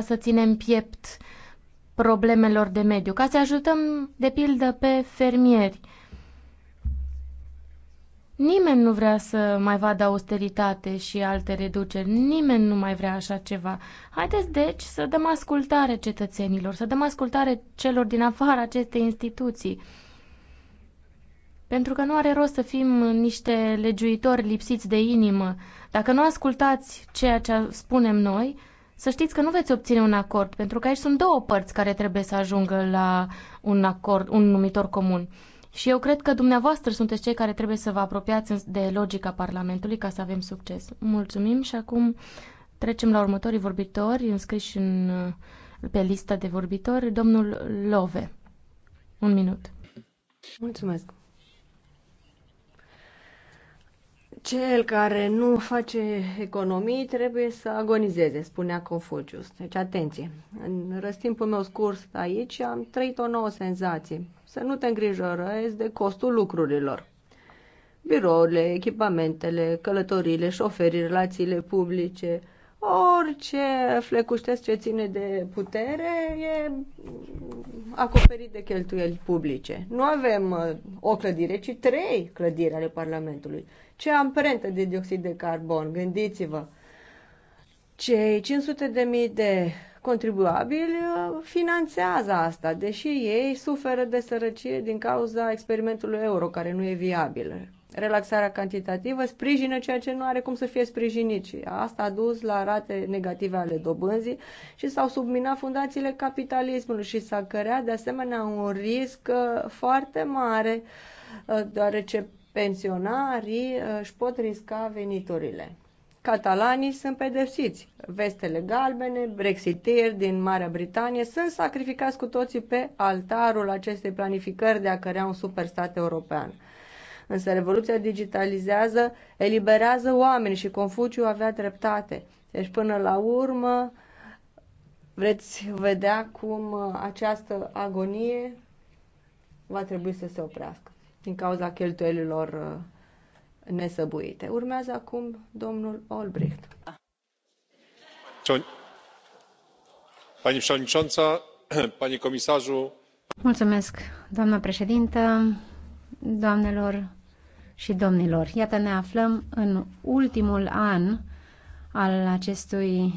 să ținem piept problemelor de mediu, ca să ajutăm, de pildă, pe fermieri. Nimeni nu vrea să mai vadă austeritate și alte reduceri. Nimeni nu mai vrea așa ceva. Haideți, deci, să dăm ascultare cetățenilor, să dăm ascultare celor din afara acestei instituții. Pentru că nu are rost să fim niște legiuitori lipsiți de inimă. Dacă nu ascultați ceea ce spunem noi, să știți că nu veți obține un acord, pentru că aici sunt două părți care trebuie să ajungă la un acord, un numitor comun. Și eu cred că dumneavoastră sunteți cei care trebuie să vă apropiați de logica Parlamentului ca să avem succes. Mulțumim și acum trecem la următorii vorbitori înscriși în, pe lista de vorbitori. Domnul Love, un minut. Mulțumesc. Cel care nu face economii trebuie să agonizeze, spunea Confucius. Deci, atenție! În răstimpul meu scurs aici am trăit o nouă senzație. Să nu te îngrijorezi de costul lucrurilor. Birourile, echipamentele, călătoriile, șoferii, relațiile publice, orice flecuștesc ce ține de putere e acoperit de cheltuieli publice. Nu avem uh, o clădire, ci trei clădiri ale Parlamentului. Ce amprentă de dioxid de carbon? Gândiți-vă! Cei 500 de mii de contribuabili uh, finanțează asta, deși ei suferă de sărăcie din cauza experimentului euro, care nu e viabil. Relaxarea cantitativă sprijină ceea ce nu are cum să fie sprijinit și asta a dus la rate negative ale dobânzii și s-au subminat fundațiile capitalismului și s-a creat de asemenea un risc uh, foarte mare uh, deoarece pensionarii uh, își pot risca veniturile. Catalanii sunt pedepsiți. Vestele galbene, brexitieri din Marea Britanie sunt sacrificați cu toții pe altarul acestei planificări de a crea un superstat european. Însă revoluția digitalizează, eliberează oameni și Confuciu avea dreptate. Deci până la urmă vreți vedea cum uh, această agonie va trebui să se oprească din cauza cheltuielilor uh, nesăbuite. Urmează acum domnul Olbricht. Pani przewodnicząca, pani komisarzu. Mulțumesc, doamnă președintă, doamnelor și domnilor. Iată, ne aflăm în ultimul an al acestui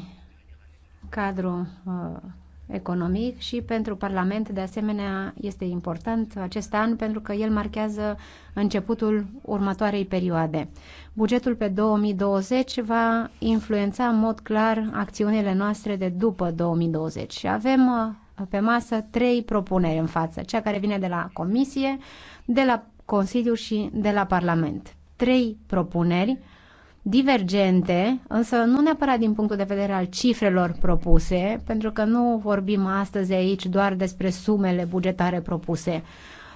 cadru uh, economic și pentru Parlament, de asemenea, este important acest an pentru că el marchează începutul următoarei perioade. Bugetul pe 2020 va influența în mod clar acțiunile noastre de după 2020 și avem uh, pe masă trei propuneri în față, cea care vine de la Comisie, de la Consiliu și de la Parlament. Trei propuneri divergente, însă nu neapărat din punctul de vedere al cifrelor propuse, pentru că nu vorbim astăzi aici doar despre sumele bugetare propuse.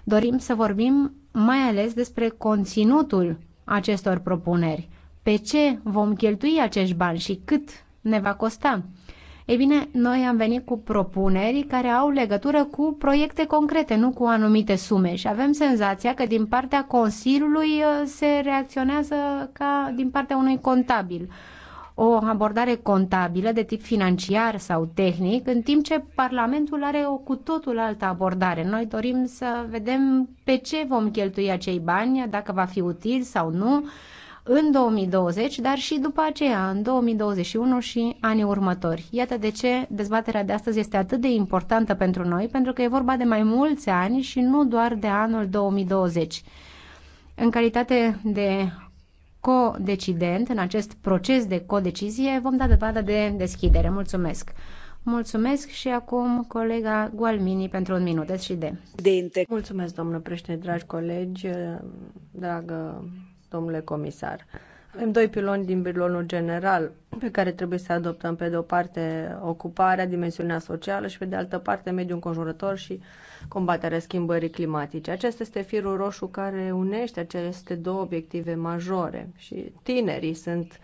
Dorim să vorbim mai ales despre conținutul acestor propuneri. Pe ce vom cheltui acești bani și cât ne va costa? Ei bine, noi am venit cu propuneri care au legătură cu proiecte concrete, nu cu anumite sume și avem senzația că din partea Consiliului uh, se reacționează ca din partea unui contabil o abordare contabilă de tip financiar sau tehnic, în timp ce Parlamentul are o cu totul altă abordare. Noi dorim să vedem pe ce vom cheltui acei bani, dacă va fi util sau nu, în 2020, dar și după aceea, în 2021 și anii următori. Iată de ce dezbaterea de astăzi este atât de importantă pentru noi, pentru că e vorba de mai mulți ani și nu doar de anul 2020. În calitate de co co-decident în acest proces de co-decizie vom da dovadă de deschidere. Mulțumesc! Mulțumesc și acum colega Gualmini pentru un minut și de. Mulțumesc, domnule președinte, dragi colegi, dragă domnule comisar. Avem doi piloni din bilonul general pe care trebuie să adoptăm pe de o parte ocuparea, dimensiunea socială și pe de altă parte mediul înconjurător și combaterea schimbării climatice. Acesta este firul roșu care unește aceste două obiective majore și tinerii sunt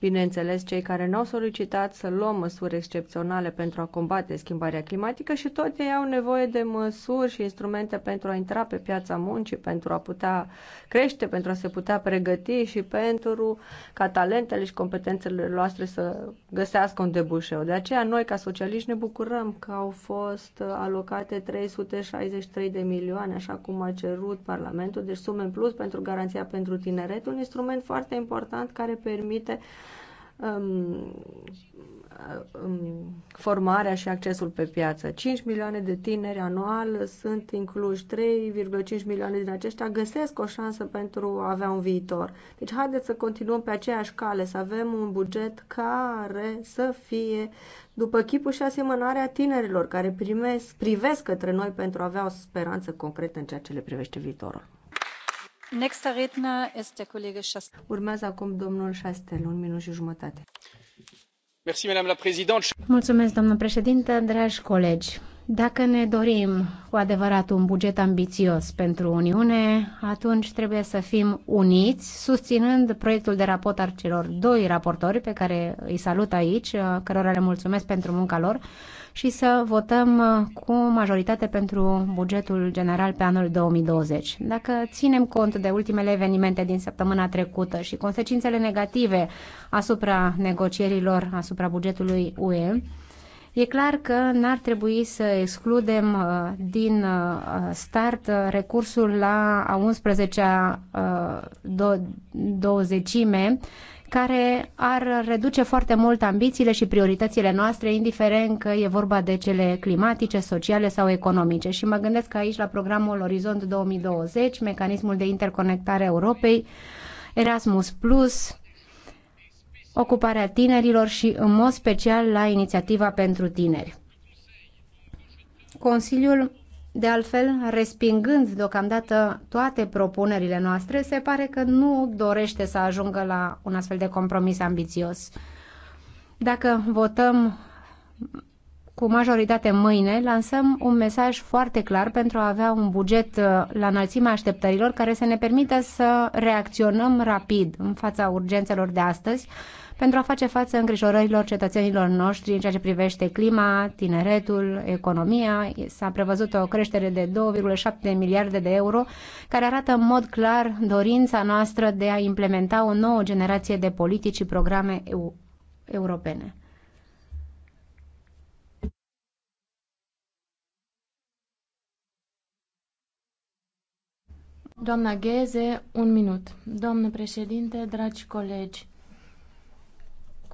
bineînțeles, cei care n-au solicitat să luăm măsuri excepționale pentru a combate schimbarea climatică și tot ei au nevoie de măsuri și instrumente pentru a intra pe piața muncii, pentru a putea crește, pentru a se putea pregăti și pentru ca talentele și competențele noastre să găsească un debușeu. De aceea noi, ca socialiști, ne bucurăm că au fost alocate 363 de milioane, așa cum a cerut Parlamentul, deci sume în plus pentru garanția pentru tineret, un instrument foarte important care permite um, um, formarea și accesul pe piață. 5 milioane de tineri anual sunt incluși, 3,5 milioane din aceștia găsesc o șansă pentru a avea un viitor. Deci haideți să continuăm pe aceeași cale, să avem un buget care să fie după chipul și asemănarea tinerilor care primesc, privesc către noi pentru a avea o speranță concretă în ceea ce le privește viitorul. Urmează acum domnul Chastel, un minut și jumătate. Mulțumesc, doamnă președintă, dragi colegi. Dacă ne dorim cu adevărat un buget ambițios pentru Uniune, atunci trebuie să fim uniți, susținând proiectul de raport al celor doi raportori pe care îi salut aici, cărora le mulțumesc pentru munca lor, și să votăm uh, cu majoritate pentru bugetul general pe anul 2020. Dacă ținem cont de ultimele evenimente din săptămâna trecută și consecințele negative asupra negocierilor asupra bugetului UE, E clar că n-ar trebui să excludem uh, din uh, start recursul la a 11-a douăzecime care ar reduce foarte mult ambițiile și prioritățile noastre, indiferent că e vorba de cele climatice, sociale sau economice. Și mă gândesc aici la programul Orizont 2020, mecanismul de interconectare a Europei, Erasmus Plus, ocuparea tinerilor și, în mod special, la inițiativa pentru tineri. Consiliul de altfel, respingând deocamdată toate propunerile noastre, se pare că nu dorește să ajungă la un astfel de compromis ambițios. Dacă votăm cu majoritate mâine, lansăm un mesaj foarte clar pentru a avea un buget uh, la înălțimea așteptărilor care să ne permită să reacționăm rapid în fața urgențelor de astăzi pentru a face față îngrijorărilor cetățenilor noștri în ceea ce privește clima, tineretul, economia. S-a prevăzut o creștere de 2,7 miliarde de euro, care arată în mod clar dorința noastră de a implementa o nouă generație de politici și programe eu- europene. Doamna Gheze, un minut. Domnule președinte, dragi colegi,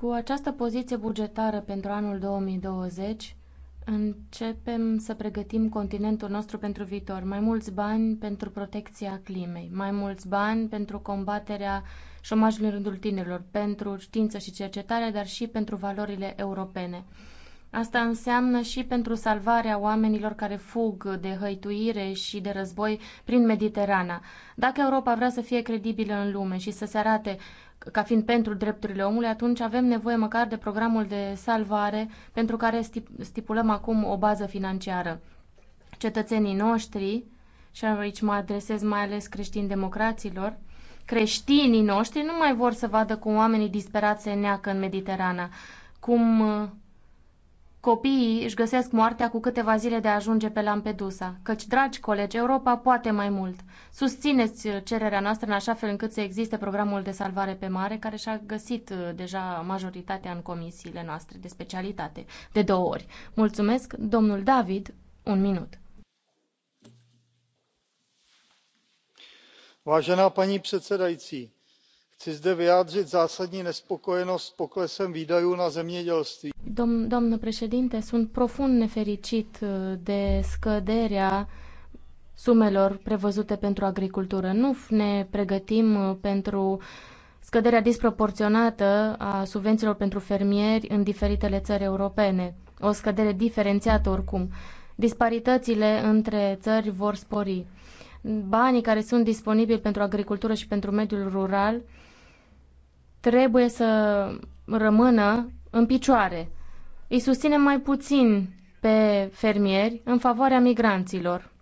cu această poziție bugetară pentru anul 2020, începem să pregătim continentul nostru pentru viitor. Mai mulți bani pentru protecția climei, mai mulți bani pentru combaterea șomajului în rândul tinerilor, pentru știință și cercetare, dar și pentru valorile europene. Asta înseamnă și pentru salvarea oamenilor care fug de hăituire și de război prin Mediterana. Dacă Europa vrea să fie credibilă în lume și să se arate ca fiind pentru drepturile omului, atunci avem nevoie măcar de programul de salvare pentru care stipulăm acum o bază financiară. Cetățenii noștri, și aici mă adresez mai ales creștini democraților, creștinii noștri nu mai vor să vadă cum oamenii disperați se neacă în Mediterana, cum Copiii își găsesc moartea cu câteva zile de a ajunge pe Lampedusa, căci, dragi colegi, Europa poate mai mult. Susțineți uh, cererea noastră în așa fel încât să existe programul de salvare pe mare, care și-a găsit uh, deja majoritatea în comisiile noastre de specialitate, de două ori. Mulțumesc, domnul David, un minut. Vážená paní předsedající, chci zde vyjádřit zásadní nespokojenost s poklesem výdajů na zemědělství. Dom președinte, sunt profund nefericit uh, de scăderea sumelor prevăzute pentru agricultură. Nu ne pregătim uh, pentru scăderea disproporționată a subvențiilor pentru fermieri în diferitele țări europene. O scădere diferențiată oricum. Disparitățile între țări vor spori. Banii care sunt disponibili pentru agricultură și pentru mediul rural trebuie să rămână în picioare. Îi susținem mai puțin pe fermieri în favoarea migranților.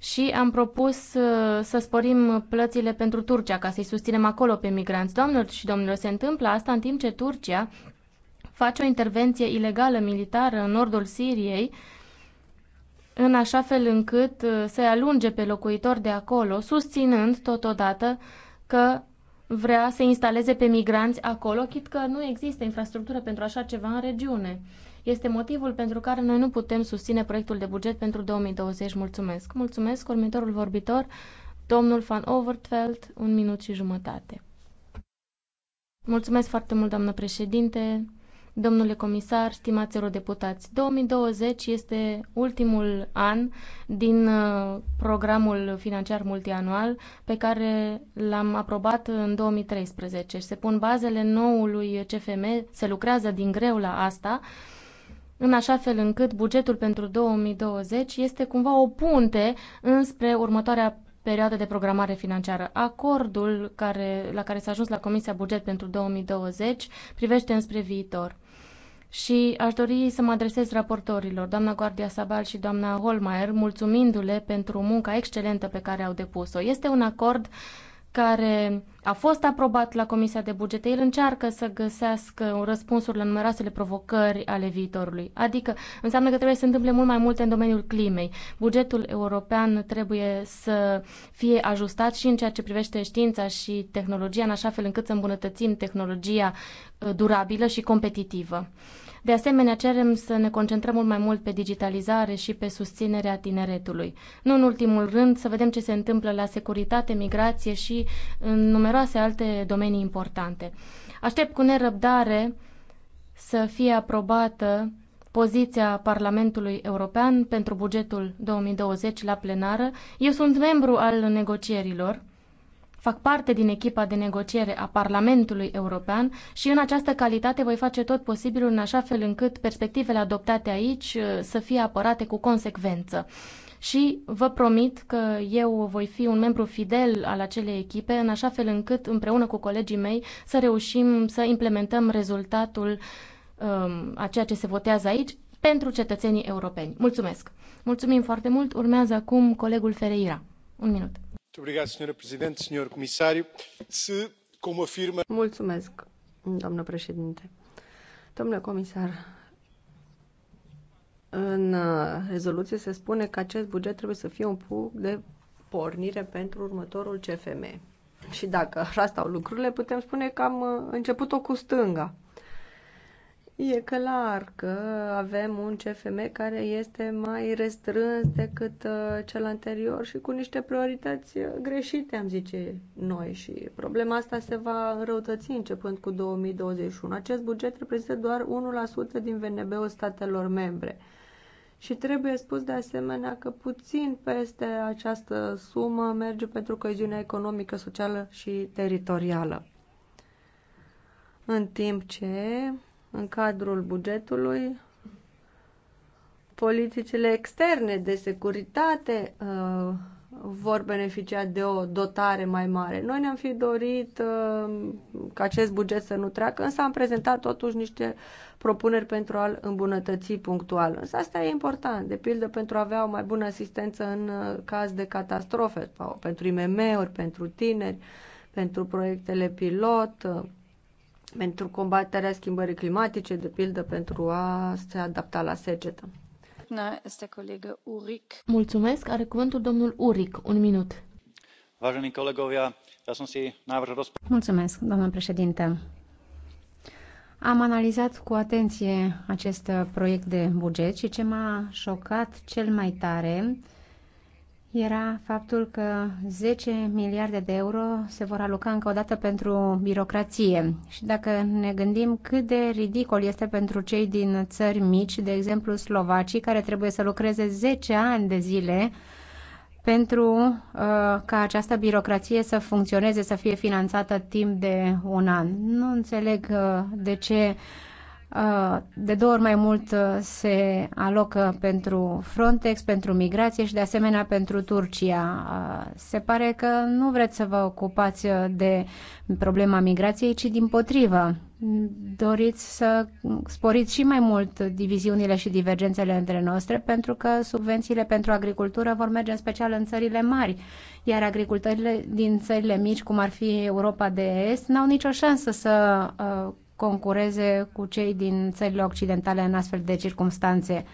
Și am propus uh, să sporim plățile pentru Turcia, ca să-i susținem acolo pe migranți. Doamnelor și domnilor, se întâmplă asta în timp ce Turcia face o intervenție ilegală militară în nordul Siriei, în așa fel încât uh, să alunge pe locuitori de acolo, susținând totodată că vrea să instaleze pe migranți acolo, chit că nu există infrastructură pentru așa ceva în regiune. Este motivul pentru care noi nu putem susține proiectul de buget pentru 2020. Mulțumesc! Mulțumesc! Următorul vorbitor, domnul Van Overtveld, un minut și jumătate. Mulțumesc foarte mult, doamnă președinte, Domnule comisar, stimați eurodeputați, 2020 este ultimul an din uh, programul financiar multianual pe care l-am aprobat în 2013. Se pun bazele noului CFM, se lucrează din greu la asta, în așa fel încât bugetul pentru 2020 este cumva o punte înspre următoarea perioadă de programare financiară. Acordul care, la care s-a ajuns la Comisia Buget pentru 2020 privește înspre viitor și aș dori să mă adresez raportorilor, doamna Guardia Sabal și doamna Holmeier, mulțumindu-le pentru munca excelentă pe care au depus-o. Este un acord care a fost aprobat la Comisia de Bugete, el încearcă să găsească un răspunsuri la numeroasele provocări ale viitorului. Adică înseamnă că trebuie să se întâmple mult mai multe în domeniul climei. Bugetul european trebuie să fie ajustat și în ceea ce privește știința și tehnologia, în așa fel încât să îmbunătățim tehnologia uh, durabilă și competitivă. De asemenea, cerem să ne concentrăm mult mai mult pe digitalizare și pe susținerea tineretului. Nu în ultimul rând, să vedem ce se întâmplă la securitate, migrație și în numeroase alte domenii importante. Aștept cu nerăbdare să fie aprobată poziția Parlamentului European pentru bugetul 2020 la plenară. Eu sunt membru al negocierilor Fac parte din echipa de negociere a Parlamentului European și în această calitate voi face tot posibilul în așa fel încât perspectivele adoptate aici uh, să fie apărate cu consecvență. Și vă promit că eu voi fi un membru fidel al acelei echipe, în așa fel încât, împreună cu colegii mei, să reușim să implementăm rezultatul um, a ceea ce se votează aici pentru cetățenii europeni. Mulțumesc! Mulțumim foarte mult! Urmează acum colegul Fereira. Un minut. Mulțumesc, doamnă președinte. Domnule comisar, în uh, rezoluție se spune că acest buget trebuie să fie un punct de pornire pentru următorul CFM. Și dacă așa stau lucrurile, putem spune că am uh, început-o cu stânga. E clar că avem un CFM care este mai restrâns decât uh, cel anterior și cu niște priorități uh, greșite, am zice noi. Și problema asta se va înrăutăți începând cu 2021. Acest buget reprezintă doar 1% din VNB-ul statelor membre. Și trebuie spus de asemenea că puțin peste această sumă merge pentru coeziunea economică, socială și teritorială. În timp ce în cadrul bugetului politicile externe de securitate uh, vor beneficia de o dotare mai mare. Noi ne-am fi dorit uh, ca acest buget să nu treacă, însă am prezentat totuși niște propuneri pentru a-l îmbunătăți punctual. Însă asta e important, de pildă pentru a avea o mai bună asistență în uh, caz de catastrofe, sau pentru IMM-uri, pentru tineri, pentru proiectele pilot, uh, pentru combaterea schimbării climatice, de pildă pentru a se adapta la secetă. Na, este colegă Uric. Mulțumesc. Are cuvântul domnul Uric. Un minut. Mulțumesc, doamnă președinte. Am analizat cu atenție acest proiect de buget și ce m-a șocat cel mai tare era faptul că 10 miliarde de euro se vor aloca încă o dată pentru birocrație. Și dacă ne gândim cât de ridicol este pentru cei din țări mici, de exemplu slovacii, care trebuie să lucreze 10 ani de zile pentru uh, ca această birocrație să funcționeze, să fie finanțată timp de un an. Nu înțeleg uh, de ce uh, Uh, de două ori mai mult uh, se alocă pentru Frontex, pentru migrație și de asemenea pentru Turcia. Uh, se pare că nu vreți să vă ocupați de problema migrației, ci din potrivă. Doriți să sporiți și mai mult diviziunile și divergențele între noastre, pentru că subvențiile pentru agricultură vor merge în special în țările mari, iar agricultările din țările mici, cum ar fi Europa de Est, n-au nicio șansă să concureze cu cei din țările occidentale în astfel de circumstanțe.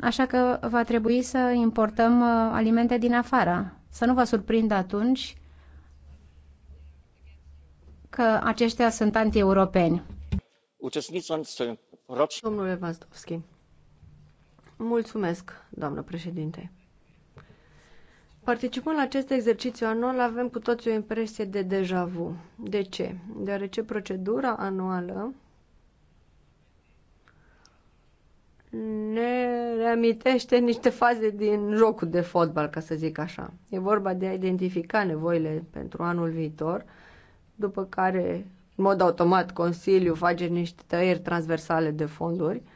Așa că va trebui să importăm uh, alimente din afară. Să nu vă surprindă atunci că aceștia sunt anti-europeni. Domnule Vazdovski, mulțumesc, doamnă președinte. Participând la acest exercițiu anual, avem cu toții o impresie de deja vu. De ce? Deoarece procedura anuală ne reamintește niște faze din jocul de fotbal, ca să zic așa. E vorba de a identifica nevoile pentru anul viitor, după care, în mod automat, Consiliul face niște tăieri transversale de fonduri –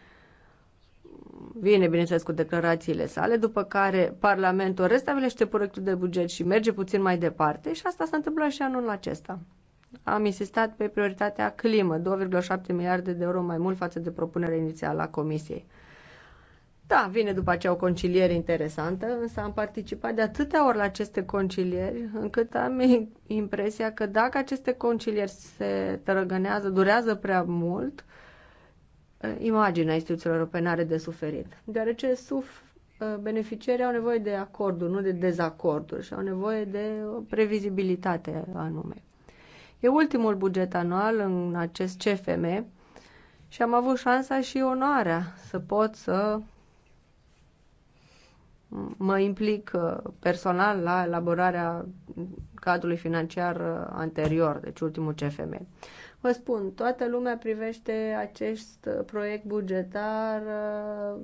vine, bineînțeles, cu declarațiile sale, după care Parlamentul restabilește proiectul de buget și merge puțin mai departe și asta s-a întâmplat și anul acesta. Am insistat pe prioritatea climă, 2,7 miliarde de euro mai mult față de propunerea inițială a Comisiei. Da, vine după aceea o conciliere interesantă, însă am participat de atâtea ori la aceste concilieri, încât am impresia că dacă aceste concilieri se tărăgânează, durează prea mult, imaginea instituțiilor europene are de suferit, deoarece suf, uh, beneficiarii au nevoie de acorduri, nu de dezacorduri și au nevoie de o previzibilitate anume. E ultimul buget anual în acest CFM și am avut șansa și onoarea să pot să mă implic uh, personal la elaborarea cadrului financiar uh, anterior, deci ultimul CFM. Vă spun, toată lumea privește acest uh, proiect bugetar uh,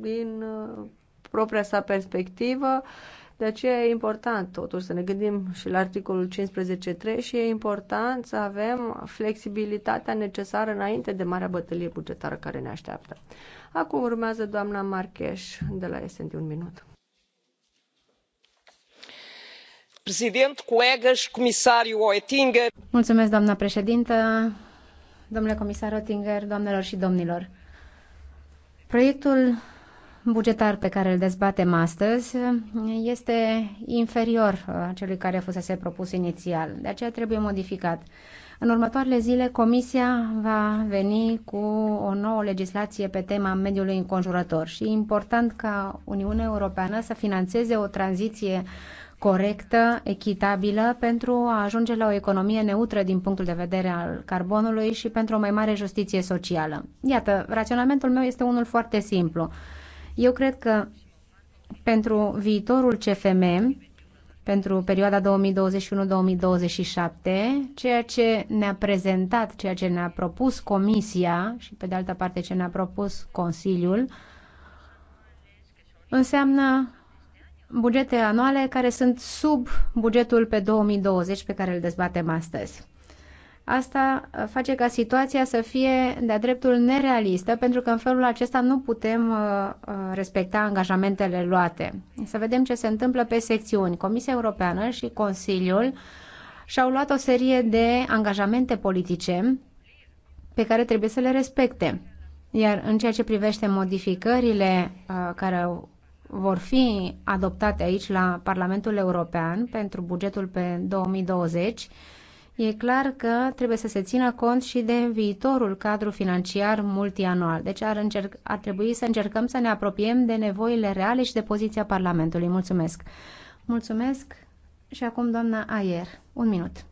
din uh, propria sa perspectivă, de aceea e important totuși să ne gândim și la articolul 15.3 și e important să avem flexibilitatea necesară înainte de marea bătălie bugetară care ne așteaptă. Acum urmează doamna Marcheș de la SND un minut. Mulțumesc, președintă, domnule comisar Oettinger, doamnelor și domnilor. Proiectul bugetar pe care îl dezbatem astăzi este inferior uh, celui care fusese propus inițial, de aceea trebuie modificat. În următoarele zile, Comisia va veni cu o nouă legislație pe tema mediului înconjurător și e important ca Uniunea Europeană să financeze o tranziție corectă, echitabilă, pentru a ajunge la o economie neutră din punctul de vedere al carbonului și pentru o mai mare justiție socială. Iată, raționamentul meu este unul foarte simplu. Eu cred că pentru viitorul CFM, pentru perioada 2021-2027, ceea ce ne-a prezentat, ceea ce ne-a propus Comisia și, pe de altă parte, ce ne-a propus Consiliul, înseamnă bugete anuale care sunt sub bugetul pe 2020 pe care îl dezbatem astăzi. Asta face ca situația să fie de-a dreptul nerealistă, pentru că în felul acesta nu putem uh, uh, respecta angajamentele luate. Să vedem ce se întâmplă pe secțiuni. Comisia Europeană și Consiliul și-au luat o serie de angajamente politice pe care trebuie să le respecte. Iar în ceea ce privește modificările uh, care au vor fi adoptate aici la Parlamentul European pentru bugetul pe 2020, e clar că trebuie să se țină cont și de viitorul cadru financiar multianual. Deci ar, încerc, ar trebui să încercăm să ne apropiem de nevoile reale și de poziția Parlamentului. Mulțumesc! Mulțumesc și acum doamna Ayer. Un minut.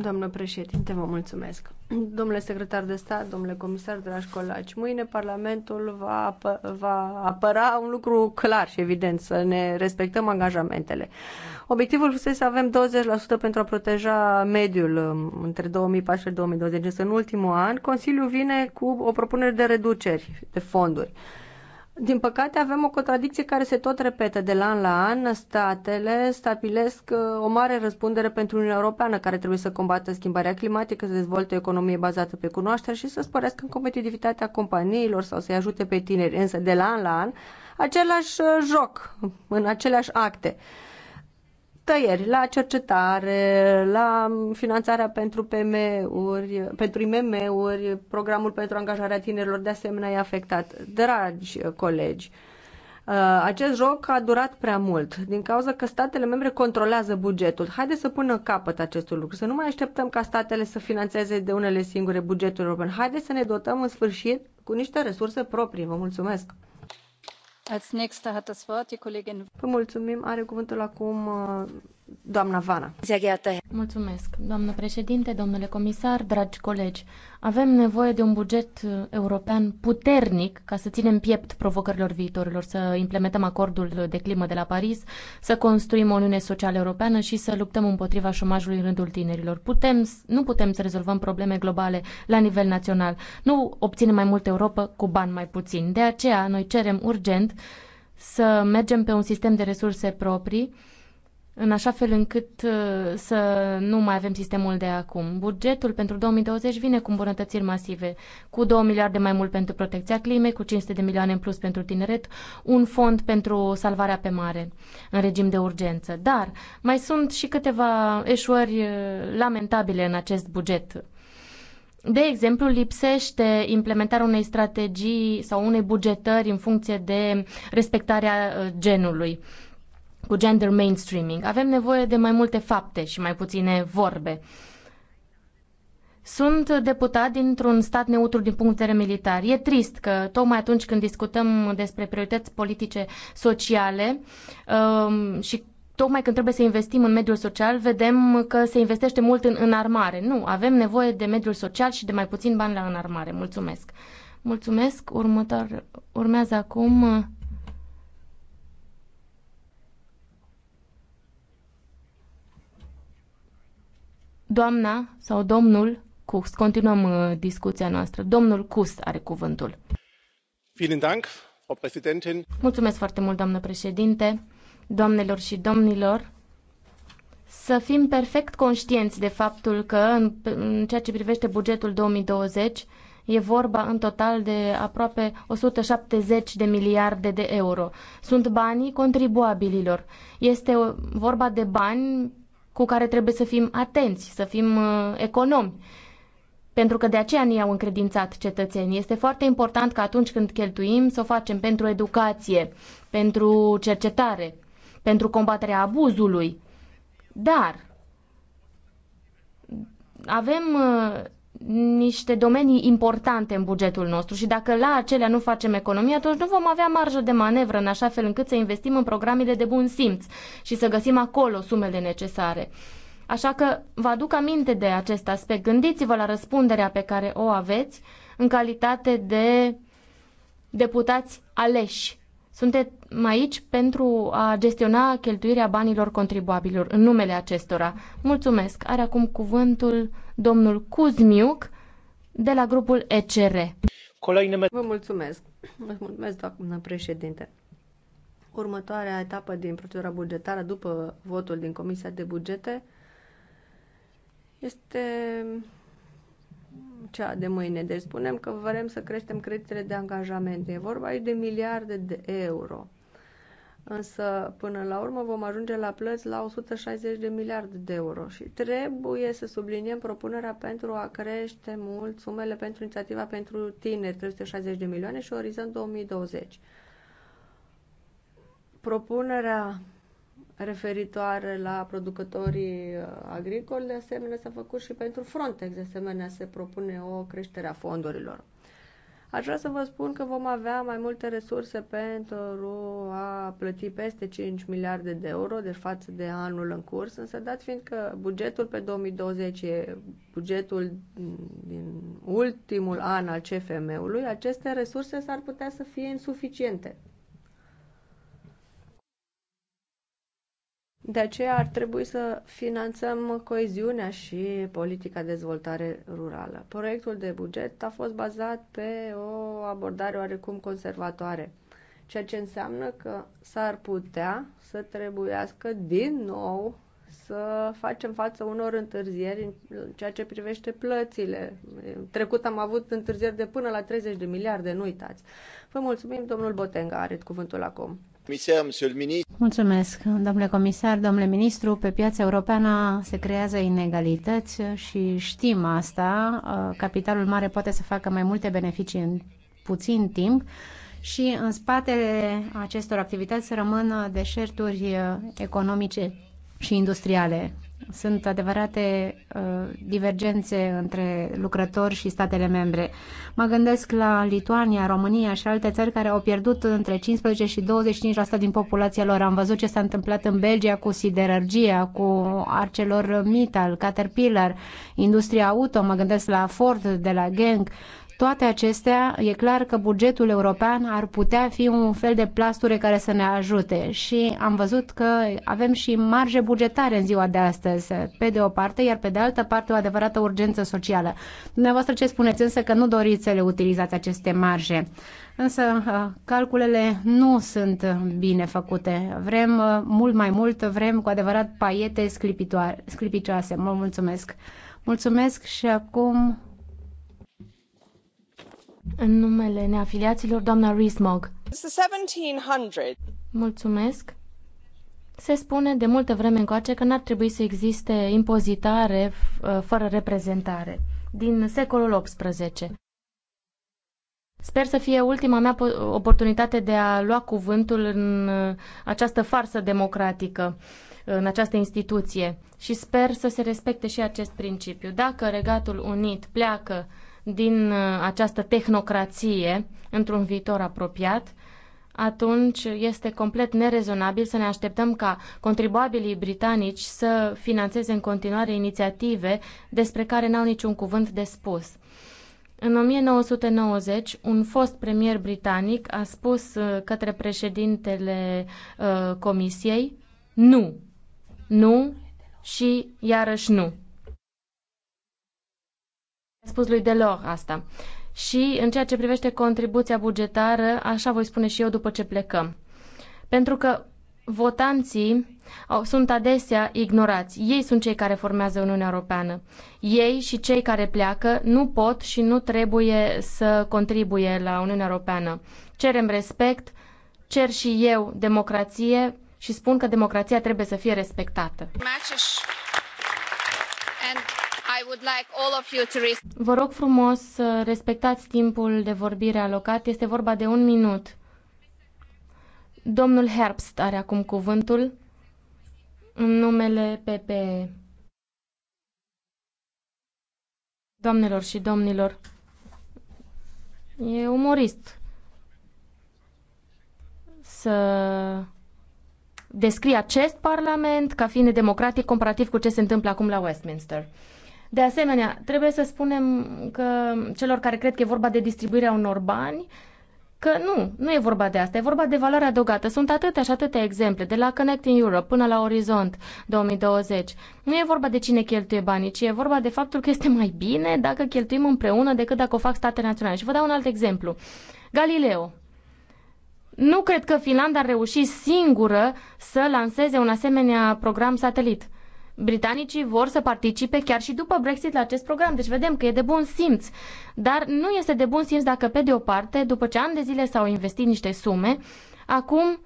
Doamnă președinte, vă mulțumesc. Domnule secretar de stat, domnule comisar, dragi colegi, mâine Parlamentul va, apă, va apăra un lucru clar și evident, să ne respectăm angajamentele. Obiectivul este să avem 20% pentru a proteja mediul um, între 2014 și 2020, însă deci, în ultimul an Consiliul vine cu o propunere de reduceri de fonduri. Din păcate avem o contradicție care se tot repetă de la an la an. Statele stabilesc uh, o mare răspundere pentru Uniunea Europeană care trebuie să combată schimbarea climatică, să dezvolte o economie bazată pe cunoaștere și să sporească competitivitatea companiilor sau să-i ajute pe tineri. Însă de la an la an, același uh, joc, în aceleași acte tăieri la cercetare, la finanțarea pentru PM-uri, pentru IMM-uri, programul pentru angajarea tinerilor de asemenea e afectat. Dragi colegi, uh, acest joc a durat prea mult, din cauza că statele membre controlează bugetul. Haideți să pună capăt acestui lucru, să nu mai așteptăm ca statele să financeze de unele singure bugetul european. Haideți să ne dotăm în sfârșit cu niște resurse proprii. Vă mulțumesc! mulțumim. Are cuvântul acum uh, doamna Vana. Mulțumesc, doamnă președinte, domnule comisar, dragi colegi. Avem nevoie de un buget uh, european puternic ca să ținem piept provocărilor viitorilor, să implementăm acordul de climă de la Paris, să construim o Uniune Socială Europeană și să luptăm împotriva șomajului în rândul tinerilor. Putem, nu putem să rezolvăm probleme globale la nivel național. Nu obținem mai mult Europa cu bani mai puțini. De aceea, noi cerem urgent să mergem pe un sistem de resurse proprii în așa fel încât uh, să nu mai avem sistemul de acum. Bugetul pentru 2020 vine cu îmbunătățiri masive, cu 2 miliarde mai mult pentru protecția climei, cu 500 de milioane în plus pentru tineret, un fond pentru salvarea pe mare în regim de urgență. Dar mai sunt și câteva eșuări uh, lamentabile în acest buget. De exemplu, lipsește implementarea unei strategii sau unei bugetări în funcție de respectarea uh, genului cu gender mainstreaming. Avem nevoie de mai multe fapte și mai puține vorbe. Sunt deputat dintr-un stat neutru din punct de vedere militar. E trist că tocmai atunci când discutăm despre priorități politice sociale um, și tocmai când trebuie să investim în mediul social, vedem că se investește mult în înarmare. Nu, avem nevoie de mediul social și de mai puțin bani la înarmare. Mulțumesc. Mulțumesc. Următor, urmează acum Doamna sau domnul Cus, continuăm uh, discuția noastră. Domnul Cus are cuvântul. Mulțumesc foarte mult, doamnă președinte, doamnelor și domnilor. Să fim perfect conștienți de faptul că, în, în ceea ce privește bugetul 2020, E vorba în total de aproape 170 de miliarde de euro. Sunt banii contribuabililor. Este vorba de bani cu care trebuie să fim atenți, să fim uh, economi. Pentru că de aceea ne au încredințat cetățenii. Este foarte important că atunci când cheltuim să o facem pentru educație, pentru cercetare, pentru combaterea abuzului. Dar avem uh, niște domenii importante în bugetul nostru și dacă la acelea nu facem economie, atunci nu vom avea marjă de manevră în așa fel încât să investim în programele de bun simț și să găsim acolo sumele necesare. Așa că vă aduc aminte de acest aspect. Gândiți-vă la răspunderea pe care o aveți în calitate de deputați aleși suntem aici pentru a gestiona cheltuirea banilor contribuabililor în numele acestora. Mulțumesc. Are acum cuvântul domnul Cuzmiuc de la grupul ECR. Vă mulțumesc. Vă mulțumesc, doamnă președinte. Următoarea etapă din procedura bugetară după votul din Comisia de Bugete este cea de mâine. Deci spunem că vrem să creștem creditele de angajamente. E vorba aici de miliarde de euro. Însă, până la urmă, vom ajunge la plăți la 160 de miliarde de euro și trebuie să subliniem propunerea pentru a crește mult sumele pentru inițiativa pentru tineri, 360 de milioane și Orizont 2020. Propunerea referitoare la producătorii uh, agricoli, de asemenea s-a făcut și pentru Frontex, de asemenea se propune o creștere a fondurilor. Aș vrea să vă spun că vom avea mai multe resurse pentru a plăti peste 5 miliarde de euro, de față de anul în curs, însă dat fiind că bugetul pe 2020 e bugetul din ultimul an al CFM-ului, aceste resurse s-ar putea să fie insuficiente. De aceea ar trebui să finanțăm coeziunea și politica de dezvoltare rurală. Proiectul de buget a fost bazat pe o abordare oarecum conservatoare, ceea ce înseamnă că s-ar putea să trebuiască din nou să facem față unor întârzieri în ceea ce privește plățile. În trecut am avut întârzieri de până la 30 de miliarde, nu uitați. Vă mulțumim, domnul Botenga are cuvântul acum. Mulțumesc, domnule comisar, domnule ministru. Pe piața europeană se creează inegalități și știm asta. Uh, capitalul mare poate să facă mai multe beneficii în puțin timp și în spatele acestor activități rămân deșerturi uh, economice și industriale sunt adevărate uh, divergențe între lucrători și statele membre. Mă gândesc la Lituania, România și alte țări care au pierdut între 15 și 25% din populația lor. Am văzut ce s-a întâmplat în Belgia cu siderurgia, cu arcelor Mittal, Caterpillar, industria auto, mă gândesc la Ford de la Genk toate acestea, e clar că bugetul european ar putea fi un fel de plasture care să ne ajute și am văzut că avem și marge bugetare în ziua de astăzi, pe de o parte, iar pe de altă parte o adevărată urgență socială. Dumneavoastră ce spuneți însă că nu doriți să le utilizați aceste marje? Însă uh, calculele nu sunt bine făcute. Vrem uh, mult mai mult, vrem cu adevărat paiete sclipitoare, sclipicioase. Mă mulțumesc. Mulțumesc și acum în numele neafiliaților, doamna Rismog. Mulțumesc. Se spune de multă vreme încoace că n-ar trebui să existe impozitare uh, fără reprezentare din secolul XVIII. Sper să fie ultima mea oportunitate de a lua cuvântul în uh, această farsă democratică, uh, în această instituție și sper să se respecte și acest principiu. Dacă Regatul Unit pleacă din uh, această tehnocrație într-un viitor apropiat, atunci este complet nerezonabil să ne așteptăm ca contribuabilii britanici să financeze în continuare inițiative despre care n-au niciun cuvânt de spus. În 1990, un fost premier britanic a spus uh, către președintele uh, Comisiei nu, nu și iarăși nu spus lui Delor asta. Și în ceea ce privește contribuția bugetară, așa voi spune și eu după ce plecăm. Pentru că votanții au, sunt adesea ignorați. Ei sunt cei care formează Uniunea Europeană. Ei și cei care pleacă nu pot și nu trebuie să contribuie la Uniunea Europeană. Cerem respect, cer și eu democrație și spun că democrația trebuie să fie respectată. Vă rog frumos să respectați timpul de vorbire alocat. Este vorba de un minut. Domnul Herbst are acum cuvântul în numele PPE. Doamnelor și domnilor, e umorist să descrie acest parlament ca fiind democratic comparativ cu ce se întâmplă acum la Westminster. De asemenea, trebuie să spunem că celor care cred că e vorba de distribuirea unor bani, că nu, nu e vorba de asta, e vorba de valoare adăugată. Sunt atâtea și atâtea exemple, de la Connecting Europe până la Orizont 2020. Nu e vorba de cine cheltuie banii, ci e vorba de faptul că este mai bine dacă cheltuim împreună decât dacă o fac state naționale. Și vă dau un alt exemplu. Galileo. Nu cred că Finlanda a reușit singură să lanseze un asemenea program satelit britanicii vor să participe chiar și după Brexit la acest program. Deci vedem că e de bun simț. Dar nu este de bun simț dacă, pe de o parte, după ce ani de zile s-au investit niște sume, acum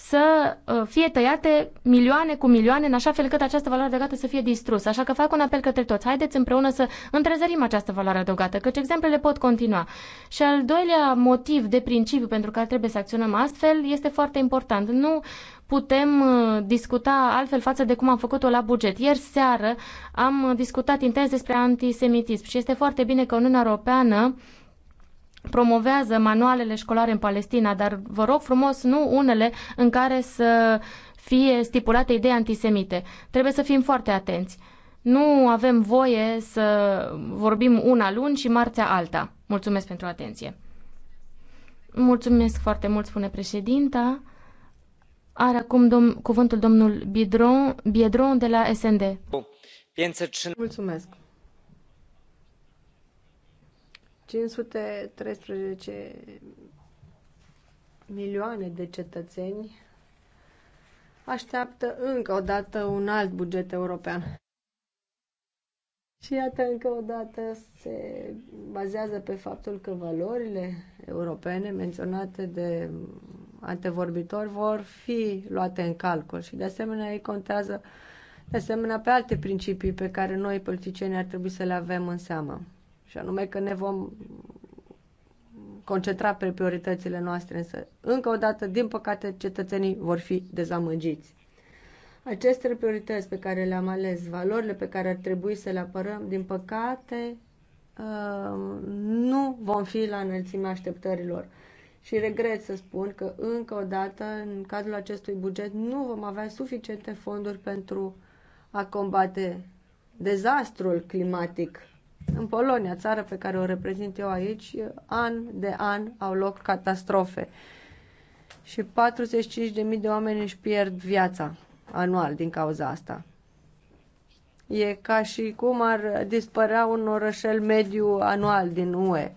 să uh, fie tăiate milioane cu milioane, în așa fel cât această valoare adăugată să fie distrusă. Așa că fac un apel către toți. Haideți împreună să întrezărim această valoare adăugată, căci exemplele pot continua. Și al doilea motiv de principiu pentru care trebuie să acționăm astfel este foarte important. Nu putem uh, discuta altfel față de cum am făcut-o la buget. Ieri seară am uh, discutat intens despre antisemitism și este foarte bine că Uniunea Europeană promovează manualele școlare în Palestina, dar vă rog frumos, nu unele în care să fie stipulate idei antisemite. Trebuie să fim foarte atenți. Nu avem voie să vorbim una luni și marțea alta. Mulțumesc pentru atenție. Mulțumesc foarte mult, spune președinta. Are acum dom- cuvântul domnul Biedron, Biedron de la SND. Mulțumesc. 513 milioane de cetățeni așteaptă încă o dată un alt buget european. Și iată, încă o dată se bazează pe faptul că valorile europene menționate de antevorbitori vor fi luate în calcul și de asemenea ei contează de asemenea pe alte principii pe care noi politicieni ar trebui să le avem în seamă și anume că ne vom concentra pe prioritățile noastre, însă încă o dată, din păcate, cetățenii vor fi dezamăgiți. Aceste priorități pe care le-am ales, valorile pe care ar trebui să le apărăm, din păcate, uh, nu vom fi la înălțimea așteptărilor și regret să spun că încă o dată în cadrul acestui buget nu vom avea suficiente fonduri pentru a combate dezastrul climatic. În Polonia, țară pe care o reprezint eu aici, an de an au loc catastrofe și 45.000 de oameni își pierd viața anual din cauza asta. E ca și cum ar dispărea un orășel mediu anual din UE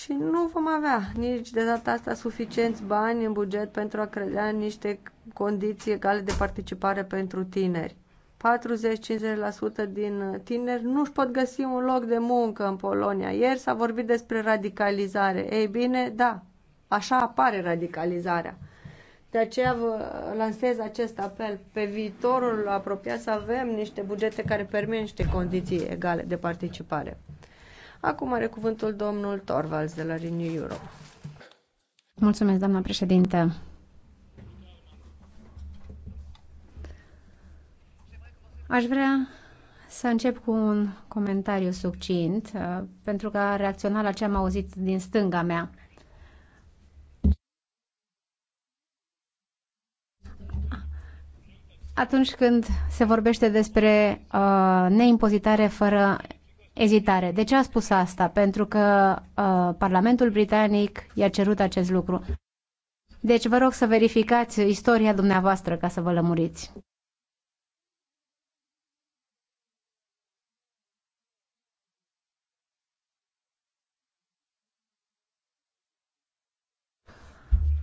și nu vom avea nici de data asta suficienți bani în buget pentru a crea niște condiții egale de participare pentru tineri. 40-50% din tineri nu își pot găsi un loc de muncă în Polonia. Ieri s-a vorbit despre radicalizare. Ei bine, da, așa apare radicalizarea. De aceea vă lansez acest apel. Pe viitorul apropiat să avem niște bugete care permit niște condiții egale de participare. Acum are cuvântul domnul Torvalds de la Renew Europe. Mulțumesc, doamna președinte. Aș vrea să încep cu un comentariu succint, uh, pentru că a reacționat la ce am auzit din stânga mea. Atunci când se vorbește despre uh, neimpozitare fără ezitare. De ce a spus asta? Pentru că uh, Parlamentul Britanic i-a cerut acest lucru. Deci vă rog să verificați istoria dumneavoastră ca să vă lămuriți.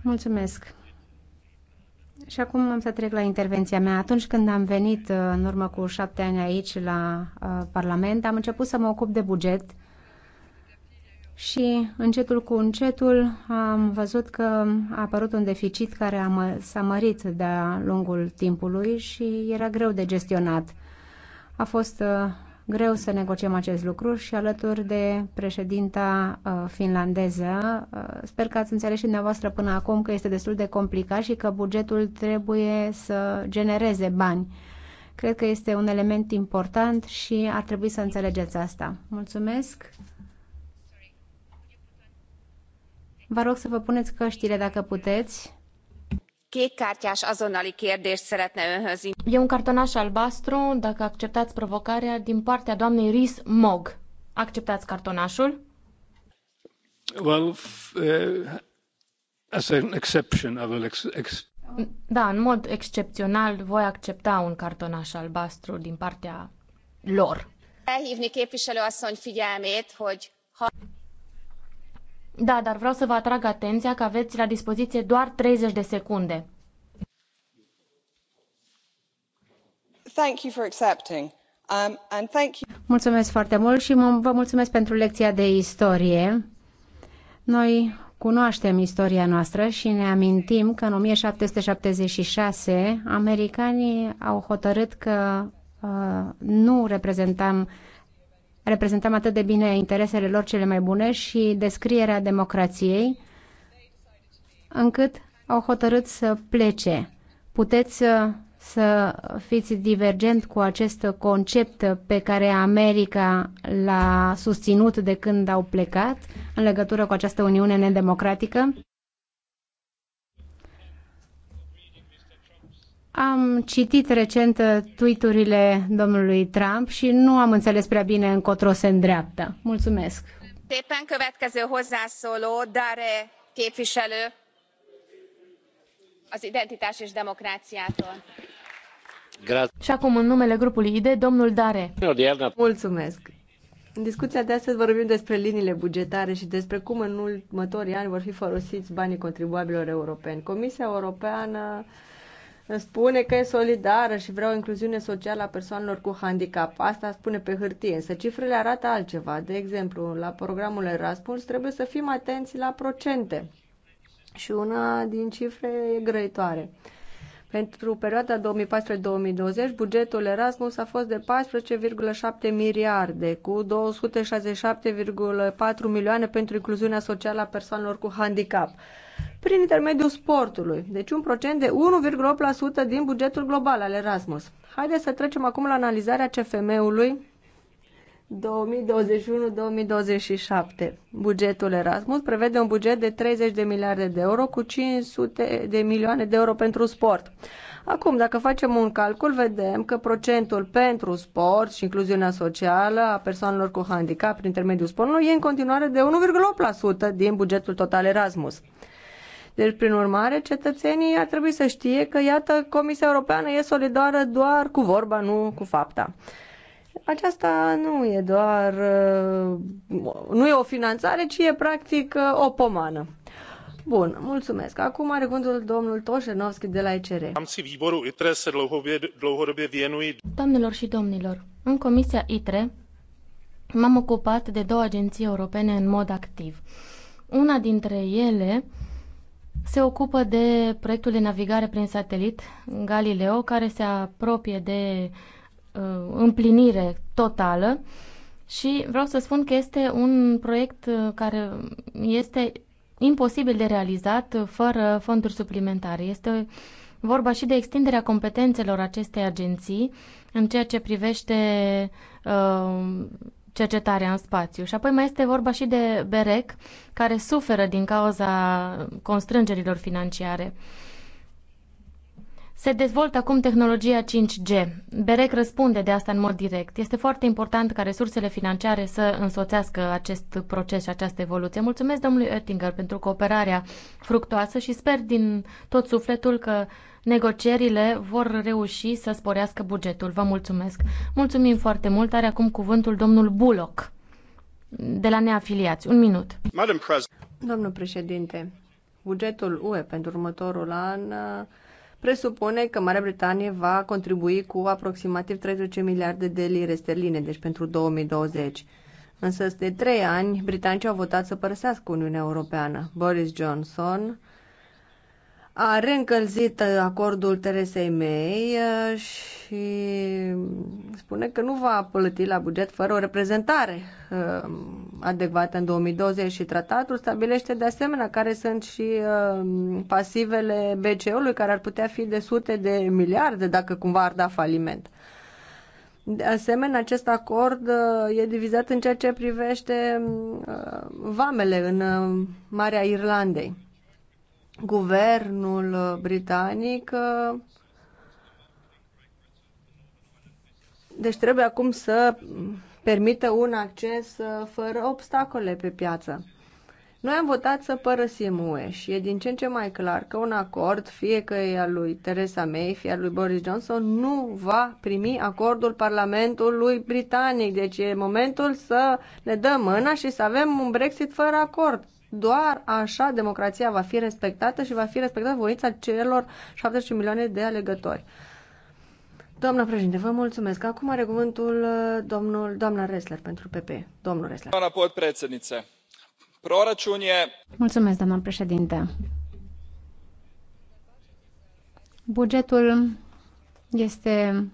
Mulțumesc. Și acum am să trec la intervenția mea. Atunci când am venit uh, în urmă cu șapte ani aici la uh, Parlament, am început să mă ocup de buget și încetul cu încetul am văzut că a apărut un deficit care s-a mărit de-a lungul timpului și era greu de gestionat. A fost uh, greu să negociem acest lucru și alături de președinta uh, finlandeză. Uh, sper că ați înțeles și dumneavoastră până acum că este destul de complicat și că bugetul trebuie să genereze bani. Cred că este un element important și ar trebui să înțelegeți asta. Mulțumesc! Vă rog să vă puneți căștile dacă puteți kékkártyás azonnali kérdést szeretne önhöz. E un cartonaș albastru, dacă acceptați provocarea, din partea doamnei Ris Mog. Acceptați cartonașul? Well, uh, as an exception, I will ex- ex- da, în mod excepțional voi accepta un cartonaș albastru din partea lor. Felhívni képviselő asszony figyelmét, hogy da, dar vreau să vă atrag atenția că aveți la dispoziție doar 30 de secunde. Thank you for accepting. Um, and thank you. Mulțumesc foarte mult și vă mulțumesc pentru lecția de istorie. Noi cunoaștem istoria noastră și ne amintim că în 1776 americanii au hotărât că uh, nu reprezentam reprezentăm atât de bine interesele lor cele mai bune și descrierea democrației, încât au hotărât să plece. Puteți uh, să fiți divergent cu acest concept pe care America l-a susținut de când au plecat în legătură cu această Uniune nedemocratică? Am citit recent tweeturile domnului Trump și nu am înțeles prea bine încotro se îndreaptă. Mulțumesc. Tepen, következő hozzászóló Dare képviselő az Identitás és Demokráciától. Și acum, în numele grupului ID, domnul Dare. Mulțumesc. În discuția de astăzi vorbim despre liniile bugetare și despre cum în următorii ani vor fi folosiți banii contribuabilor europeni. Comisia Europeană spune că e solidară și vrea o incluziune socială a persoanelor cu handicap. Asta spune pe hârtie, însă cifrele arată altceva. De exemplu, la programul Erasmus trebuie să fim atenți la procente. Și una din cifre e grăitoare. Pentru perioada 2014-2020, bugetul Erasmus a fost de 14,7 miliarde, cu 267,4 milioane pentru incluziunea socială a persoanelor cu handicap prin intermediul sportului, deci un procent de 1,8% din bugetul global al Erasmus. Haideți să trecem acum la analizarea CFM-ului 2021-2027. Bugetul Erasmus prevede un buget de 30 de miliarde de euro cu 500 de milioane de euro pentru sport. Acum, dacă facem un calcul, vedem că procentul pentru sport și incluziunea socială a persoanelor cu handicap prin intermediul sportului e în continuare de 1,8% din bugetul total Erasmus. Deci, prin urmare, cetățenii ar trebui să știe că, iată, Comisia Europeană e solidară doar cu vorba, nu cu fapta. Aceasta nu e doar, uh, nu e o finanțare, ci e practic uh, o pomană. Bun, mulțumesc. Acum are cuvântul domnul Toșenovski de la ECR. Am si viborul ITRE se dlouhodobě, dlouhodobě vienui. Doamnelor și domnilor, în Comisia ITRE m-am ocupat de două agenții europene în mod activ. Una dintre ele se ocupă de proiectul de navigare prin satelit Galileo, care se apropie de uh, împlinire totală și vreau să spun că este un proiect uh, care este imposibil de realizat uh, fără fonduri suplimentare. Este vorba și de extinderea competențelor acestei agenții în ceea ce privește uh, cercetarea în spațiu. Și apoi mai este vorba și de BEREC, care suferă din cauza constrângerilor financiare. Se dezvoltă acum tehnologia 5G. BEREC răspunde de asta în mod direct. Este foarte important ca resursele financiare să însoțească acest proces și această evoluție. Mulțumesc domnului Oettinger pentru cooperarea fructoasă și sper din tot sufletul că negocierile vor reuși să sporească bugetul. Vă mulțumesc. Mulțumim foarte mult. Are acum cuvântul domnul Bullock de la neafiliați. Un minut. Domnul președinte, bugetul UE pentru următorul an presupune că Marea Britanie va contribui cu aproximativ 13 miliarde de lire sterline, deci pentru 2020. Însă, de trei ani, britanicii au votat să părăsească Uniunea Europeană. Boris Johnson a reîncălzit uh, acordul Teresei May uh, și spune că nu va plăti la buget fără o reprezentare uh, adecvată în 2020 și tratatul stabilește de asemenea care sunt și pasivele BCE-ului care ar putea fi de sute de miliarde dacă cumva ar da faliment. De asemenea, acest acord e divizat în ceea ce privește vamele în Marea Irlandei guvernul britanic deci trebuie acum să permită un acces uh, fără obstacole pe piață. Noi am votat să părăsim UE și e din ce în ce mai clar că un acord, fie că e al lui Theresa May, fie al lui Boris Johnson, nu va primi acordul Parlamentului Britanic. Deci e momentul să ne dăm mâna și să avem un Brexit fără acord. Doar așa democrația va fi respectată și va fi respectată voința celor 70 milioane de alegători. Doamna președinte, vă mulțumesc. Acum are cuvântul uh, domnul, doamna Resler pentru PP. Domnul Resler. Doamna pot președinte. prorăciunie... Mulțumesc, doamna președinte. Bugetul este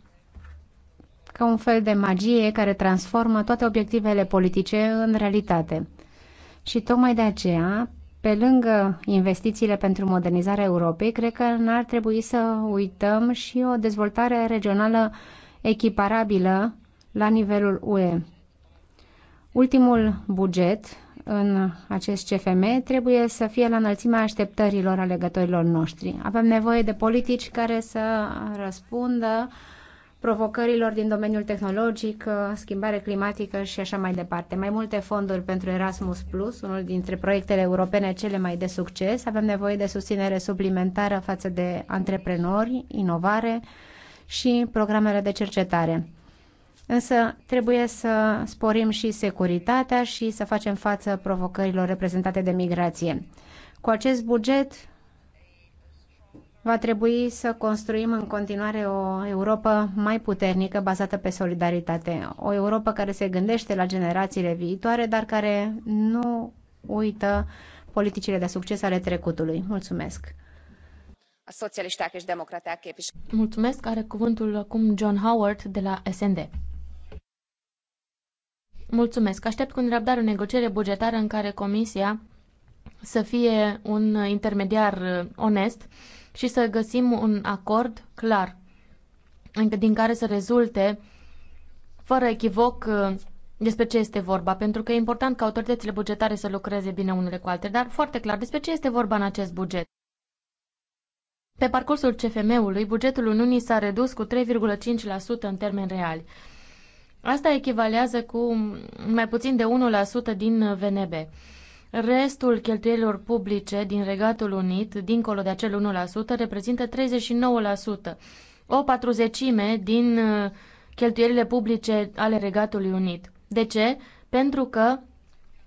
ca un fel de magie care transformă toate obiectivele politice în realitate. Și tocmai de aceea, pe lângă investițiile pentru modernizarea Europei, cred că n-ar trebui să uităm și o dezvoltare regională echiparabilă la nivelul UE. Ultimul buget în acest CFM trebuie să fie la înălțimea așteptărilor alegătorilor noștri. Avem nevoie de politici care să răspundă uh, provocărilor din domeniul tehnologic, uh, schimbare climatică și așa mai departe. Mai multe fonduri pentru Erasmus Plus, unul dintre proiectele europene cele mai de succes. Avem nevoie de susținere suplimentară față de antreprenori, inovare și programele de cercetare. Însă trebuie să sporim și securitatea și să facem față provocărilor reprezentate de migrație. Cu acest buget Va trebui să construim în continuare o Europa mai puternică, bazată pe solidaritate. O Europa care se gândește la generațiile viitoare, dar care nu uită politicile de succes ale trecutului. Mulțumesc! și Mulțumesc! Are cuvântul acum John Howard de la SND. Mulțumesc! Aștept cu nerăbdare o negociere bugetară în care Comisia să fie un intermediar uh, onest și să găsim un acord clar din care să rezulte fără echivoc uh, despre ce este vorba, pentru că e important ca autoritățile bugetare să lucreze bine unele cu altele, dar foarte clar despre ce este vorba în acest buget. Pe parcursul CFM-ului, bugetul Uniunii s-a redus cu 3,5% în termeni reali. Asta echivalează cu mai puțin de 1% din VNB. Restul cheltuielilor publice din Regatul Unit, dincolo de acel 1%, reprezintă 39%, o patruzecime din uh, cheltuielile publice ale Regatului Unit. De ce? Pentru că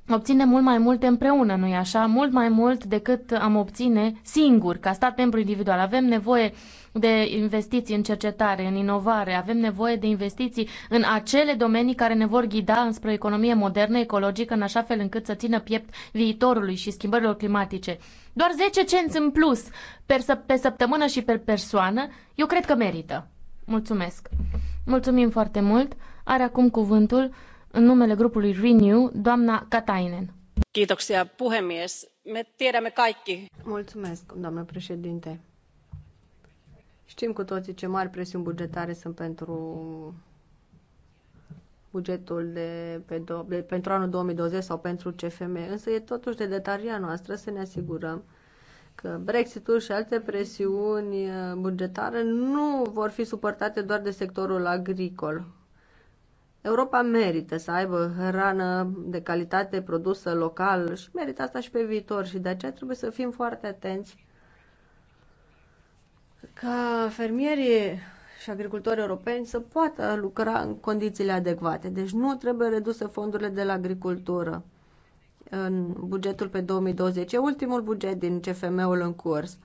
obține mult mai multe împreună, nu-i așa? Mult mai mult decât am obține singur, ca stat membru individual. Avem nevoie de investiții în cercetare, în inovare. Avem nevoie de investiții în acele domenii care ne vor ghida înspre o economie modernă, ecologică, în așa fel încât să țină piept viitorului și schimbărilor climatice. Doar 10 cenți în plus per, pe săptămână și pe persoană, eu cred că merită. Mulțumesc. Mulțumim foarte mult. Are acum cuvântul în numele grupului Renew, doamna Katainen. Kiitoksia, puhemies. Me tiedämme kaikki. Mulțumesc, doamnă președinte Știm cu toții ce mari presiuni bugetare sunt pentru bugetul de, pe do, de pentru anul 2020 sau pentru CFM, însă e totuși de detalia noastră să ne asigurăm că Brexitul și alte presiuni uh, bugetare nu vor fi suportate doar de sectorul agricol. Europa merită să aibă hrană de calitate produsă local și merită asta și pe viitor și de aceea trebuie să fim foarte atenți ca fermierii și agricultorii europeni să poată lucra în condițiile adecvate. Deci nu trebuie reduse fondurile de la agricultură în bugetul pe 2020. E ultimul buget din CFM-ul în curs.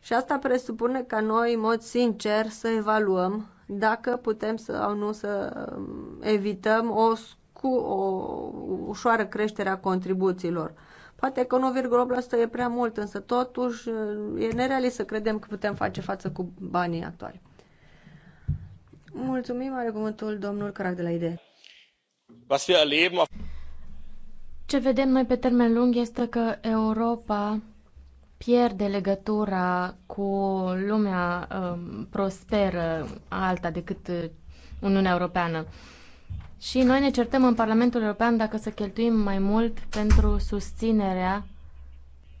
Și asta presupune ca noi, în mod sincer, să evaluăm dacă putem sau nu să um, evităm o, scu- o ușoară creștere a contribuțiilor Poate că 1,8% e prea mult, însă totuși e nerealist să credem că putem face față cu banii actuali. Mulțumim, are cuvântul domnul Carac de la IDE. Ce vedem noi pe termen lung este că Europa pierde legătura cu lumea um, prosperă alta decât Uniunea Europeană. Uh, și noi ne certăm în Parlamentul European dacă să cheltuim mai mult pentru susținerea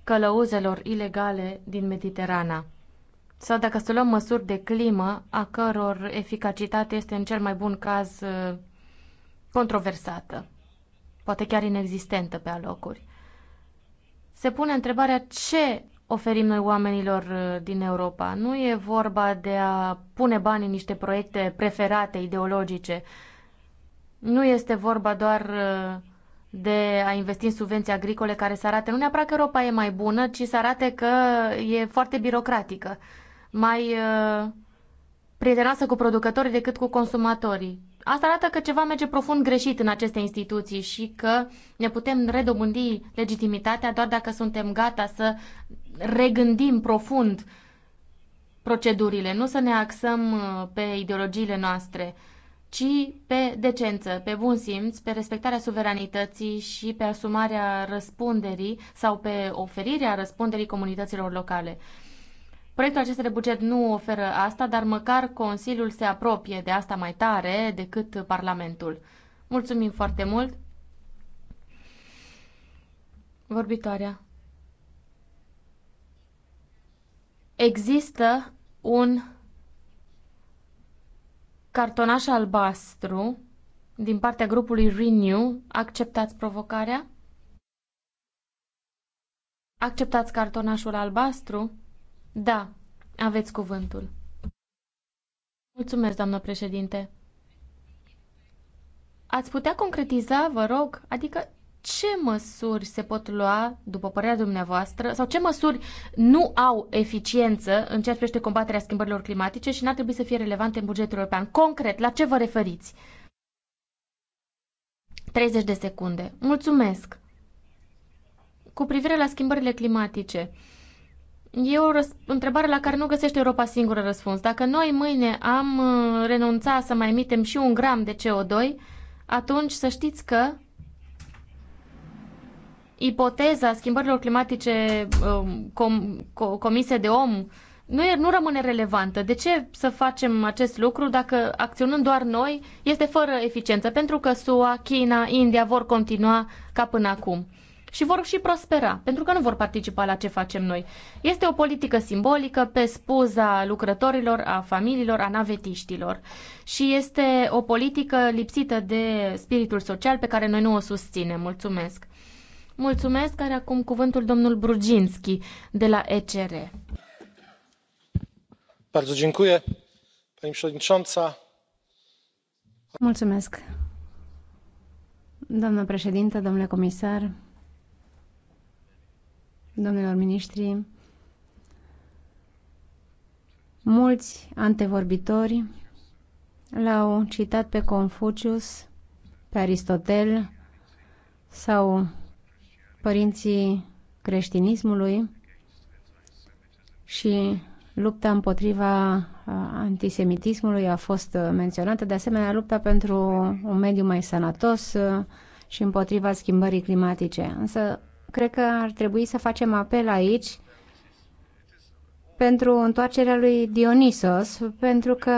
călăuzelor ilegale din Mediterana sau dacă să luăm măsuri de climă a căror eficacitate este în cel mai bun caz uh, controversată, poate chiar inexistentă pe alocuri. Se pune întrebarea ce oferim noi oamenilor uh, din Europa. Nu e vorba de a pune bani în niște proiecte preferate, ideologice, nu este vorba doar uh, de a investi în subvenții agricole care să arate nu neapărat că Europa e mai bună, ci să arate că e foarte birocratică, mai uh, prietenoasă cu producătorii decât cu consumatorii. Asta arată că ceva merge profund greșit în aceste instituții și că ne putem redobândi legitimitatea doar dacă suntem gata să regândim profund procedurile, nu să ne axăm uh, pe ideologiile noastre ci pe decență, pe bun simț, pe respectarea suveranității și pe asumarea răspunderii sau pe oferirea răspunderii comunităților locale. Proiectul acesta de buget nu oferă asta, dar măcar Consiliul se apropie de asta mai tare decât Parlamentul. Mulțumim foarte mult! Vorbitoarea. Există un cartonaș albastru din partea grupului Renew. Acceptați provocarea? Acceptați cartonașul albastru? Da, aveți cuvântul. Mulțumesc, doamnă președinte. Ați putea concretiza, vă rog, adică ce măsuri se pot lua, după părerea dumneavoastră, sau ce măsuri nu au eficiență în ceea ce privește combaterea schimbărilor climatice și n-ar trebui să fie relevante în bugetul european? Concret, la ce vă referiți? 30 de secunde. Mulțumesc! Cu privire la schimbările climatice, E o întrebare la care nu găsește Europa singură răspuns. Dacă noi mâine am uh, renunțat să mai emitem și un gram de CO2, atunci să știți că ipoteza schimbărilor climatice um, com, com, comise de om nu, e, nu rămâne relevantă. De ce să facem acest lucru dacă acționând doar noi este fără eficiență? Pentru că SUA, China, India vor continua ca până acum. Și vor și prospera, pentru că nu vor participa la ce facem noi. Este o politică simbolică pe spuza lucrătorilor, a familiilor, a navetiștilor. Și este o politică lipsită de spiritul social pe care noi nu o susținem. Mulțumesc! Mulțumesc, care acum cuvântul domnul Bruginski de la ECR. Bardzo dziękuję, pani przewodnicząca. Mulțumesc. Doamnă președintă, domnule comisar, domnilor miniștri, mulți antevorbitori l-au citat pe Confucius, pe Aristotel sau părinții creștinismului și lupta împotriva uh, antisemitismului a fost uh, menționată, de asemenea lupta pentru un mediu mai sănătos uh, și împotriva schimbării climatice. Însă, cred că ar trebui să facem apel aici pentru întoarcerea lui Dionisos, pentru că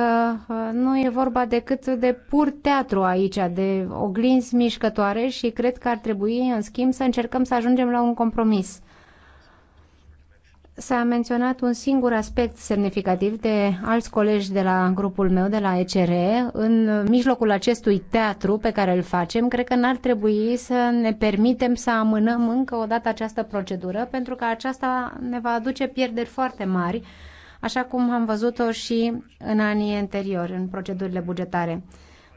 uh, nu e vorba decât de pur teatru aici, de oglinzi mișcătoare și cred că ar trebui, în schimb, să încercăm să ajungem la un compromis. S-a menționat un singur aspect semnificativ de alți colegi de la grupul meu, de la ECR. În mijlocul acestui teatru pe care îl facem, cred că n-ar trebui să ne permitem să amânăm încă o dată această procedură, pentru că aceasta ne va aduce pierderi foarte mari, așa cum am văzut-o și în anii anteriori, în procedurile bugetare.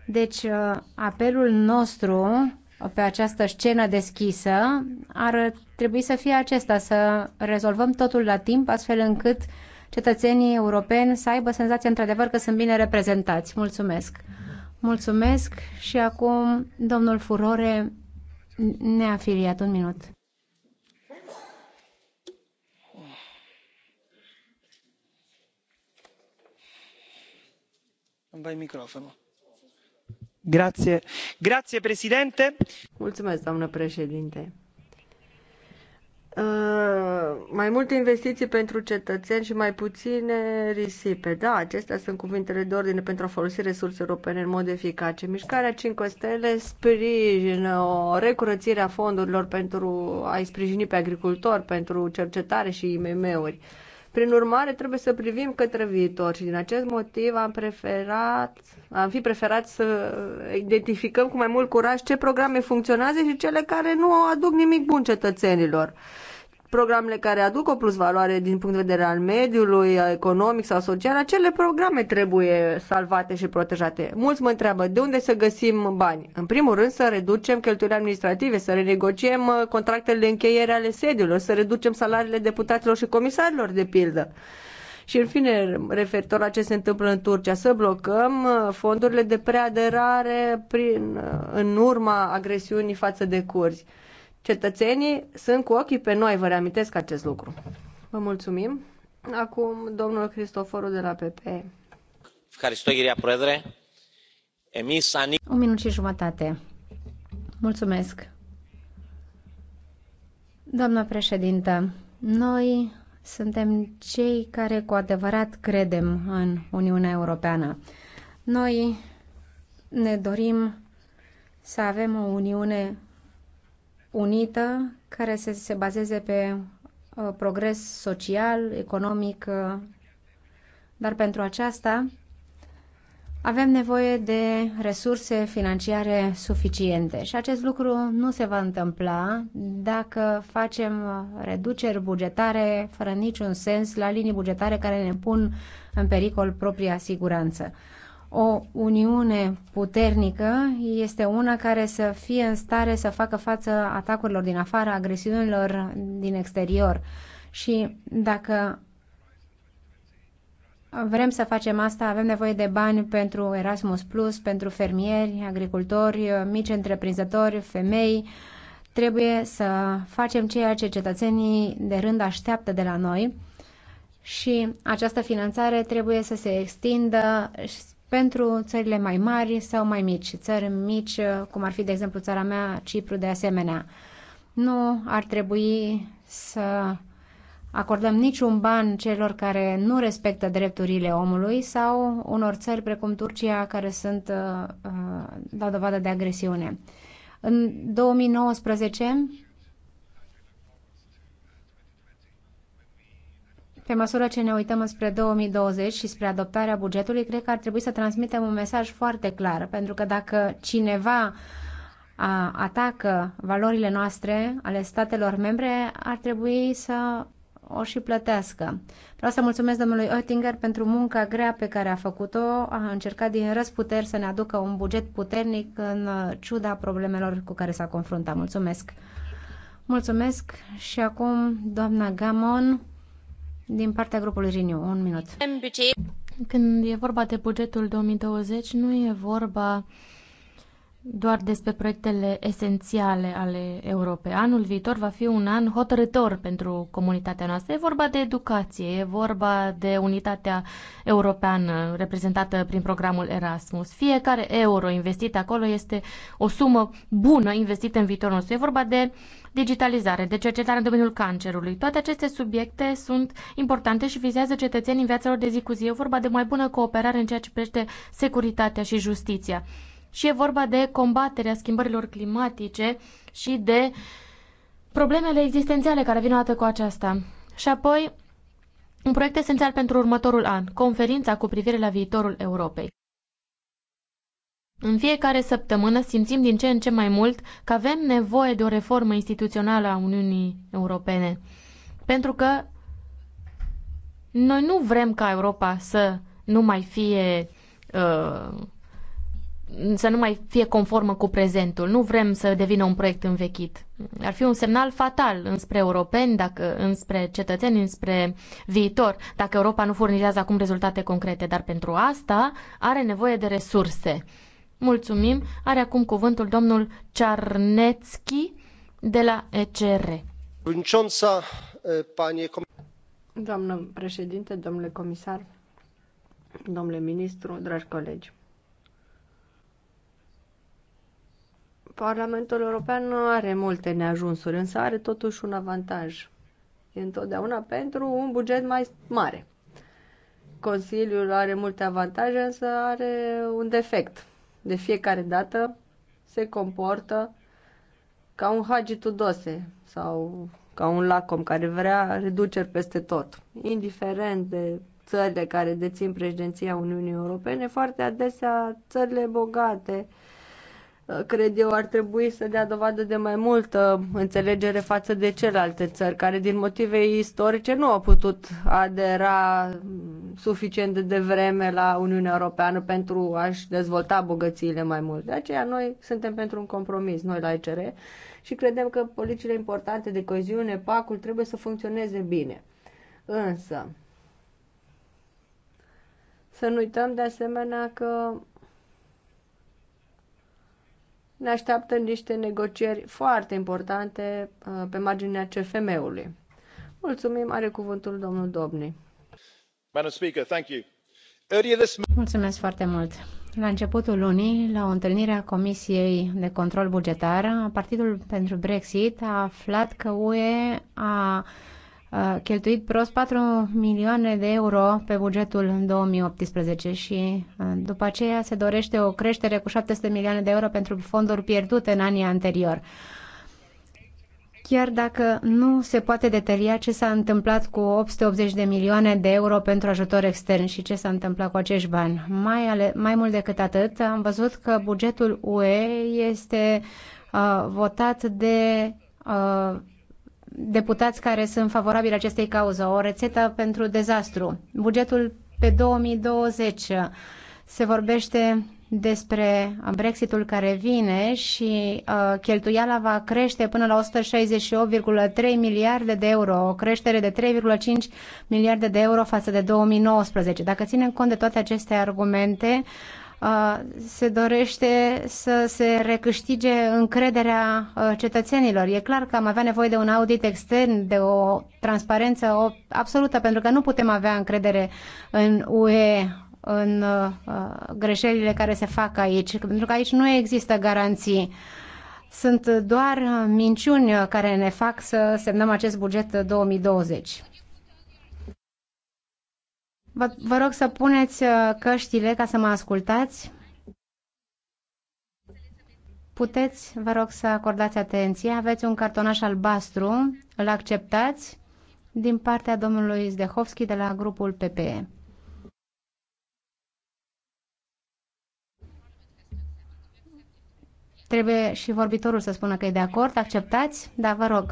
Deci, uh, apelul nostru pe această scenă deschisă ar trebui să fie acesta, să rezolvăm totul la timp, astfel încât cetățenii europeni să aibă senzația într-adevăr că sunt bine reprezentați. Mulțumesc! Mulțumesc și acum domnul Furore, neafiliat, un minut. Îmi dai microfonul doamnă președintă mai multe investiții pentru cetățeni și mai puține risipe. Da, acestea sunt cuvintele de ordine pentru a folosi resurse europene în mod eficace. Mișcarea 5 stele sprijină o recurățire a fondurilor pentru a-i sprijini pe agricultori, pentru cercetare și IMM-uri. Uh, prin urmare, trebuie să privim către viitor și din acest motiv am preferat, am fi preferat să identificăm cu mai mult curaj ce programe funcționează și cele care nu aduc nimic bun cetățenilor programele care aduc o plus valoare din punct de vedere al mediului, economic sau social, acele programe trebuie salvate și protejate. Mulți mă întreabă de unde să găsim bani. În primul rând să reducem cheltuielile administrative, să renegociem uh, contractele de încheiere ale sediilor, să reducem salariile deputaților și comisarilor, de pildă. Și în fine, referitor la ce se întâmplă în Turcia, să blocăm uh, fondurile de preaderare prin, uh, în urma agresiunii față de curzi. Cetățenii sunt cu ochii pe noi, vă reamintesc acest lucru. Vă mulțumim. Acum, domnul Cristoforu de la PP. Un minut și jumătate. Mulțumesc. Doamna președintă, noi suntem cei care cu adevărat credem în Uniunea Europeană. Noi ne dorim să avem o Uniune unită care să se bazeze pe uh, progres social, economic, uh, dar pentru aceasta avem nevoie de resurse financiare suficiente și acest lucru nu se va întâmpla dacă facem uh, reduceri bugetare fără niciun sens la linii bugetare care ne pun în pericol propria siguranță o uniune puternică este una care să fie în stare să facă față atacurilor din afară, agresiunilor din exterior. Și dacă vrem să facem asta, avem nevoie de bani pentru Erasmus Plus, pentru fermieri, agricultori, mici întreprinzători, femei. Trebuie să facem ceea ce cetățenii de rând așteaptă de la noi și această finanțare trebuie să se extindă pentru țările mai mari sau mai mici, țări mici, cum ar fi, de exemplu, țara mea, Cipru, de asemenea. Nu ar trebui să acordăm niciun ban celor care nu respectă drepturile omului sau unor țări precum Turcia care sunt uh, uh dau dovadă de agresiune. În 2019 Pe măsură ce ne uităm spre 2020 și spre adoptarea bugetului, cred că ar trebui să transmitem un mesaj foarte clar, pentru că dacă cineva atacă valorile noastre ale statelor membre, ar trebui să o și plătească. Vreau să mulțumesc domnului Oettinger pentru munca grea pe care a făcut-o. A încercat din răzputeri să ne aducă un buget puternic în ciuda problemelor cu care s-a confruntat. Mulțumesc! Mulțumesc și acum doamna Gamon. Din partea grupului Riniu, un minut. Când e vorba de bugetul 2020, nu e vorba doar despre proiectele esențiale ale Europei. Anul viitor va fi un an hotărător pentru comunitatea noastră. E vorba de educație, e vorba de unitatea europeană reprezentată prin programul Erasmus. Fiecare euro investit acolo este o sumă bună investită în viitorul nostru. E vorba de digitalizare, de cercetare în domeniul cancerului. Toate aceste subiecte sunt importante și vizează cetățenii în viața lor de zi cu zi. E vorba de mai bună cooperare în ceea ce privește securitatea și justiția și e vorba de combaterea schimbărilor climatice și de problemele existențiale care vin odată cu aceasta. Și apoi, un proiect esențial pentru următorul an, conferința cu privire la viitorul Europei. În fiecare săptămână simțim din ce în ce mai mult că avem nevoie de o reformă instituțională a Uniunii Europene. Pentru că noi nu vrem ca Europa să nu mai fie uh, să nu mai fie conformă cu prezentul. Nu vrem să devină un proiect învechit. Ar fi un semnal fatal înspre europeni, dacă, înspre cetățeni, înspre viitor, dacă Europa nu furnizează acum rezultate concrete. Dar pentru asta are nevoie de resurse. Mulțumim. Are acum cuvântul domnul Czarnecki de la ECR. Doamnă președinte, domnule comisar, domnule ministru, dragi colegi. Parlamentul European nu are multe neajunsuri, însă are totuși un avantaj. E întotdeauna pentru un buget mai mare. Consiliul are multe avantaje, însă are un defect. De fiecare dată se comportă ca un Hagi Tudose sau ca un lacom care vrea reduceri peste tot, indiferent de țările care dețin președinția Uniunii Europene, foarte adesea țările bogate uh, Uh, cred eu, ar trebui să dea dovadă de mai multă înțelegere față de celelalte țări, care din motive istorice nu au putut adera suficient de vreme la Uniunea Europeană pentru a-și dezvolta bogățiile mai mult. De aceea noi suntem pentru un compromis, noi la ECR, și credem că politicile importante de coeziune, pacul, trebuie să funcționeze bine. Însă, să nu uităm de asemenea că ne așteaptă niște negocieri foarte importante uh, pe marginea CFM-ului. Mulțumim, are cuvântul domnul Dobni. Mulțumesc foarte mult. La începutul lunii, la o întâlnire a Comisiei de Control Bugetar, Partidul pentru Brexit a aflat că UE a cheltuit prost 4 milioane de euro pe bugetul în 2018 și după aceea se dorește o creștere cu 700 milioane de euro pentru fonduri pierdute în anii anterior. Chiar dacă nu se poate detalia ce s-a întâmplat cu 880 de milioane de euro pentru ajutor extern și ce s-a întâmplat cu acești bani, mai, ale, mai mult decât atât, am văzut că bugetul UE este uh, votat de uh, deputați care sunt favorabili acestei cauze, o rețetă pentru dezastru. Bugetul pe 2020 se vorbește despre Brexitul care vine și uh, cheltuiala va crește până la 168,3 miliarde de euro, o creștere de 3,5 miliarde de euro față de 2019. Dacă ținem cont de toate aceste argumente, uh, se dorește să se recâștige încrederea cetățenilor. E clar că am avea nevoie de un audit extern, de o transparență absolută, pentru că nu putem avea încredere în UE în greșelile care se fac aici, pentru că aici nu există garanții. Sunt doar minciuni care ne fac să semnăm acest buget 2020. Vă, vă rog să puneți uh, căștile ca să mă ascultați. Puteți, vă rog să acordați atenție. Aveți un cartonaș albastru, îl acceptați din partea domnului Zdehovski de la grupul PPE. Trebuie și vorbitorul să spună că e de acord. Acceptați? Da, vă rog.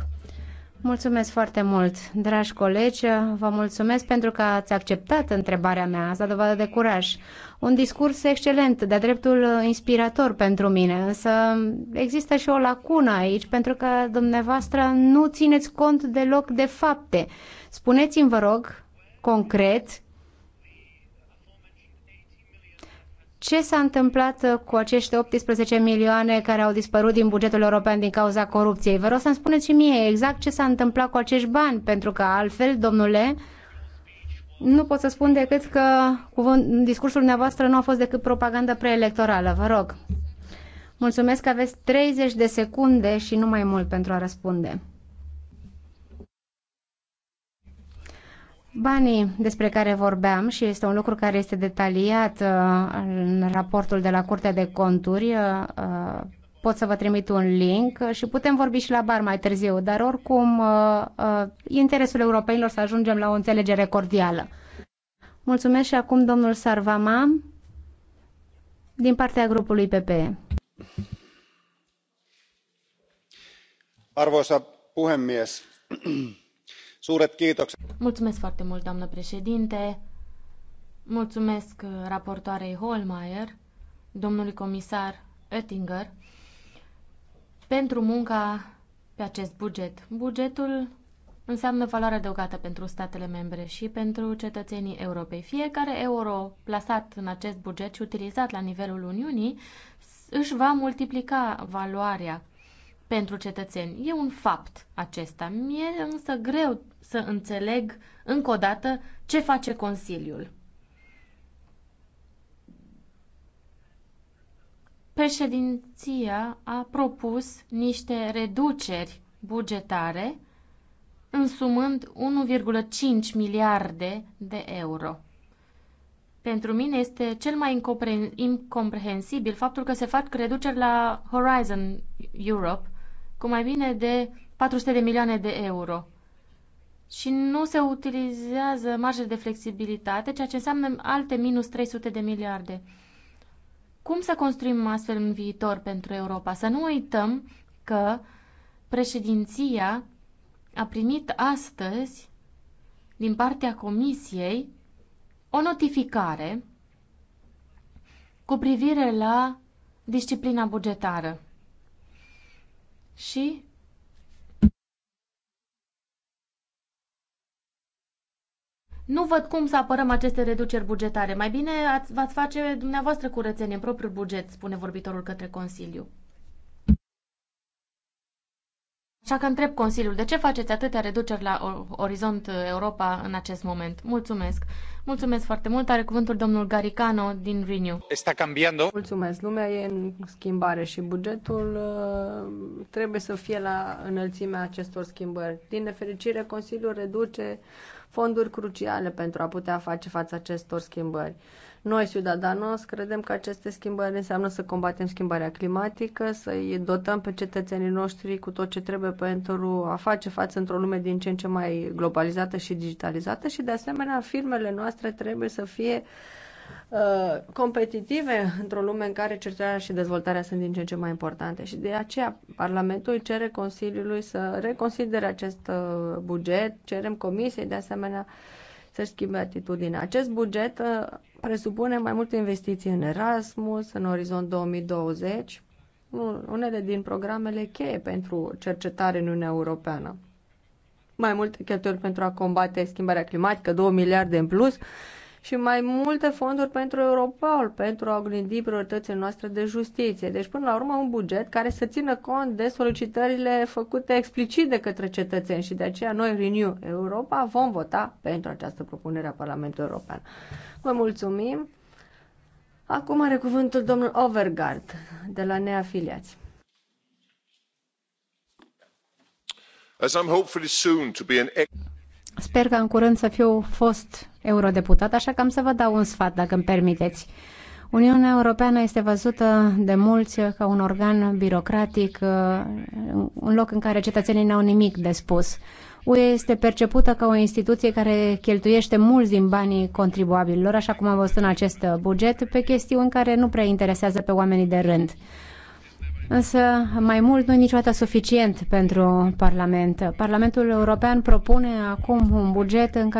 Mulțumesc foarte mult, dragi colegi. Vă mulțumesc pentru că ați acceptat întrebarea mea. Asta dovadă de curaj. Un discurs excelent, de dreptul inspirator pentru mine, însă există și o lacună aici, pentru că dumneavoastră nu țineți cont deloc de fapte. Spuneți-mi, vă rog, concret, Ce s-a întâmplat uh, cu acești 18 milioane care au dispărut din bugetul european din cauza corupției? Vă rog să-mi spuneți și mie exact ce s-a întâmplat cu acești bani, pentru că altfel, domnule, nu pot să spun decât că cuvânt, discursul dumneavoastră nu a fost decât propagandă preelectorală. Vă rog. Mulțumesc că aveți 30 de secunde și nu mai mult pentru a răspunde. Banii despre care vorbeam și este un lucru care este detaliat uh, în raportul de la Curtea de Conturi, uh, uh, pot să vă trimit un link și putem vorbi și la bar mai târziu, dar oricum interesul europenilor să ajungem la o înțelegere cordială. Mulțumesc și acum domnul Sarvama din partea grupului PPE. Arvoisa puhemies, Suuret kiitokset. Mulțumesc foarte mult, doamnă președinte. Mulțumesc uh, raportoarei Holmeier, domnului comisar Oettinger, pentru munca pe acest buget. Bugetul înseamnă valoare adăugată pentru statele membre și pentru cetățenii Europei. Fiecare euro plasat în acest buget și utilizat la nivelul Uniunii își va multiplica valoarea pentru cetățeni. E un fapt acesta. Mie însă greu să înțeleg încă o dată ce face Consiliul. Președinția a propus niște reduceri bugetare însumând 1,5 miliarde de euro. Pentru mine este cel mai incompre- incomprehensibil faptul că se fac reduceri la Horizon Europe cu mai bine de 400 de milioane de euro. Și nu se utilizează marjele de flexibilitate, ceea ce înseamnă alte minus 300 de miliarde. Cum să construim astfel un viitor pentru Europa? Să nu uităm că președinția a primit astăzi din partea Comisiei o notificare cu privire la disciplina bugetară și nu văd cum să apărăm aceste reduceri bugetare. Mai bine ați, v-ați face dumneavoastră curățenie în propriul buget, spune vorbitorul către Consiliu. Așa că întreb Consiliul, de ce faceți atâtea reduceri la Orizont Europa în acest moment? Mulțumesc! Mulțumesc foarte mult. Are cuvântul domnul Garicano din Renew. Está cambiando. Mulțumesc. Lumea e în schimbare și bugetul uh, trebuie să fie la înălțimea acestor schimbări. Din nefericire, Consiliul reduce fonduri cruciale pentru a putea face față acestor schimbări. Noi, Ciudadanos, credem că aceste schimbări înseamnă să combatem schimbarea climatică, să-i dotăm pe cetățenii noștri cu tot ce trebuie pentru a face față într-o lume din ce în ce mai globalizată și digitalizată și, de asemenea, firmele noastre trebuie să fie uh, competitive într-o lume în care cercetarea și dezvoltarea sunt din ce în ce mai importante și de aceea Parlamentul cere Consiliului să reconsidere acest uh, buget, cerem Comisiei de asemenea uh, să-și schimbe atitudinea. Acest buget uh, presupune mai multe investiții în Erasmus, în Orizont 2020, unele din programele cheie pentru cercetare în Uniunea Europeană. Mai multe cheltuieli pentru a combate schimbarea climatică, 2 miliarde în plus, și mai multe fonduri pentru Europol, pentru a oglindi prioritățile noastre de justiție. Deci, până la urmă, un buget care să țină cont de solicitările făcute explicit de către cetățeni și de aceea noi, Renew Europa, vom vota pentru această propunere a Parlamentului European. Vă mulțumim! Acum are cuvântul domnul Overgard, de la Neafiliați. As I'm hopefully soon to be an ex. Sper că în curând să fiu fost eurodeputat, așa că am să vă dau un sfat, dacă îmi permiteți. Uniunea Europeană este văzută de mulți ca un organ birocratic, uh, un loc în care cetățenii n-au nimic de spus. UE este percepută ca o instituție care cheltuiește mulți din banii contribuabililor, așa cum am văzut în acest buget, pe chestiuni care nu prea interesează pe oamenii de rând. Însă mai mult nu e niciodată suficient pentru Parlament. Parlamentul European propune acum un buget în care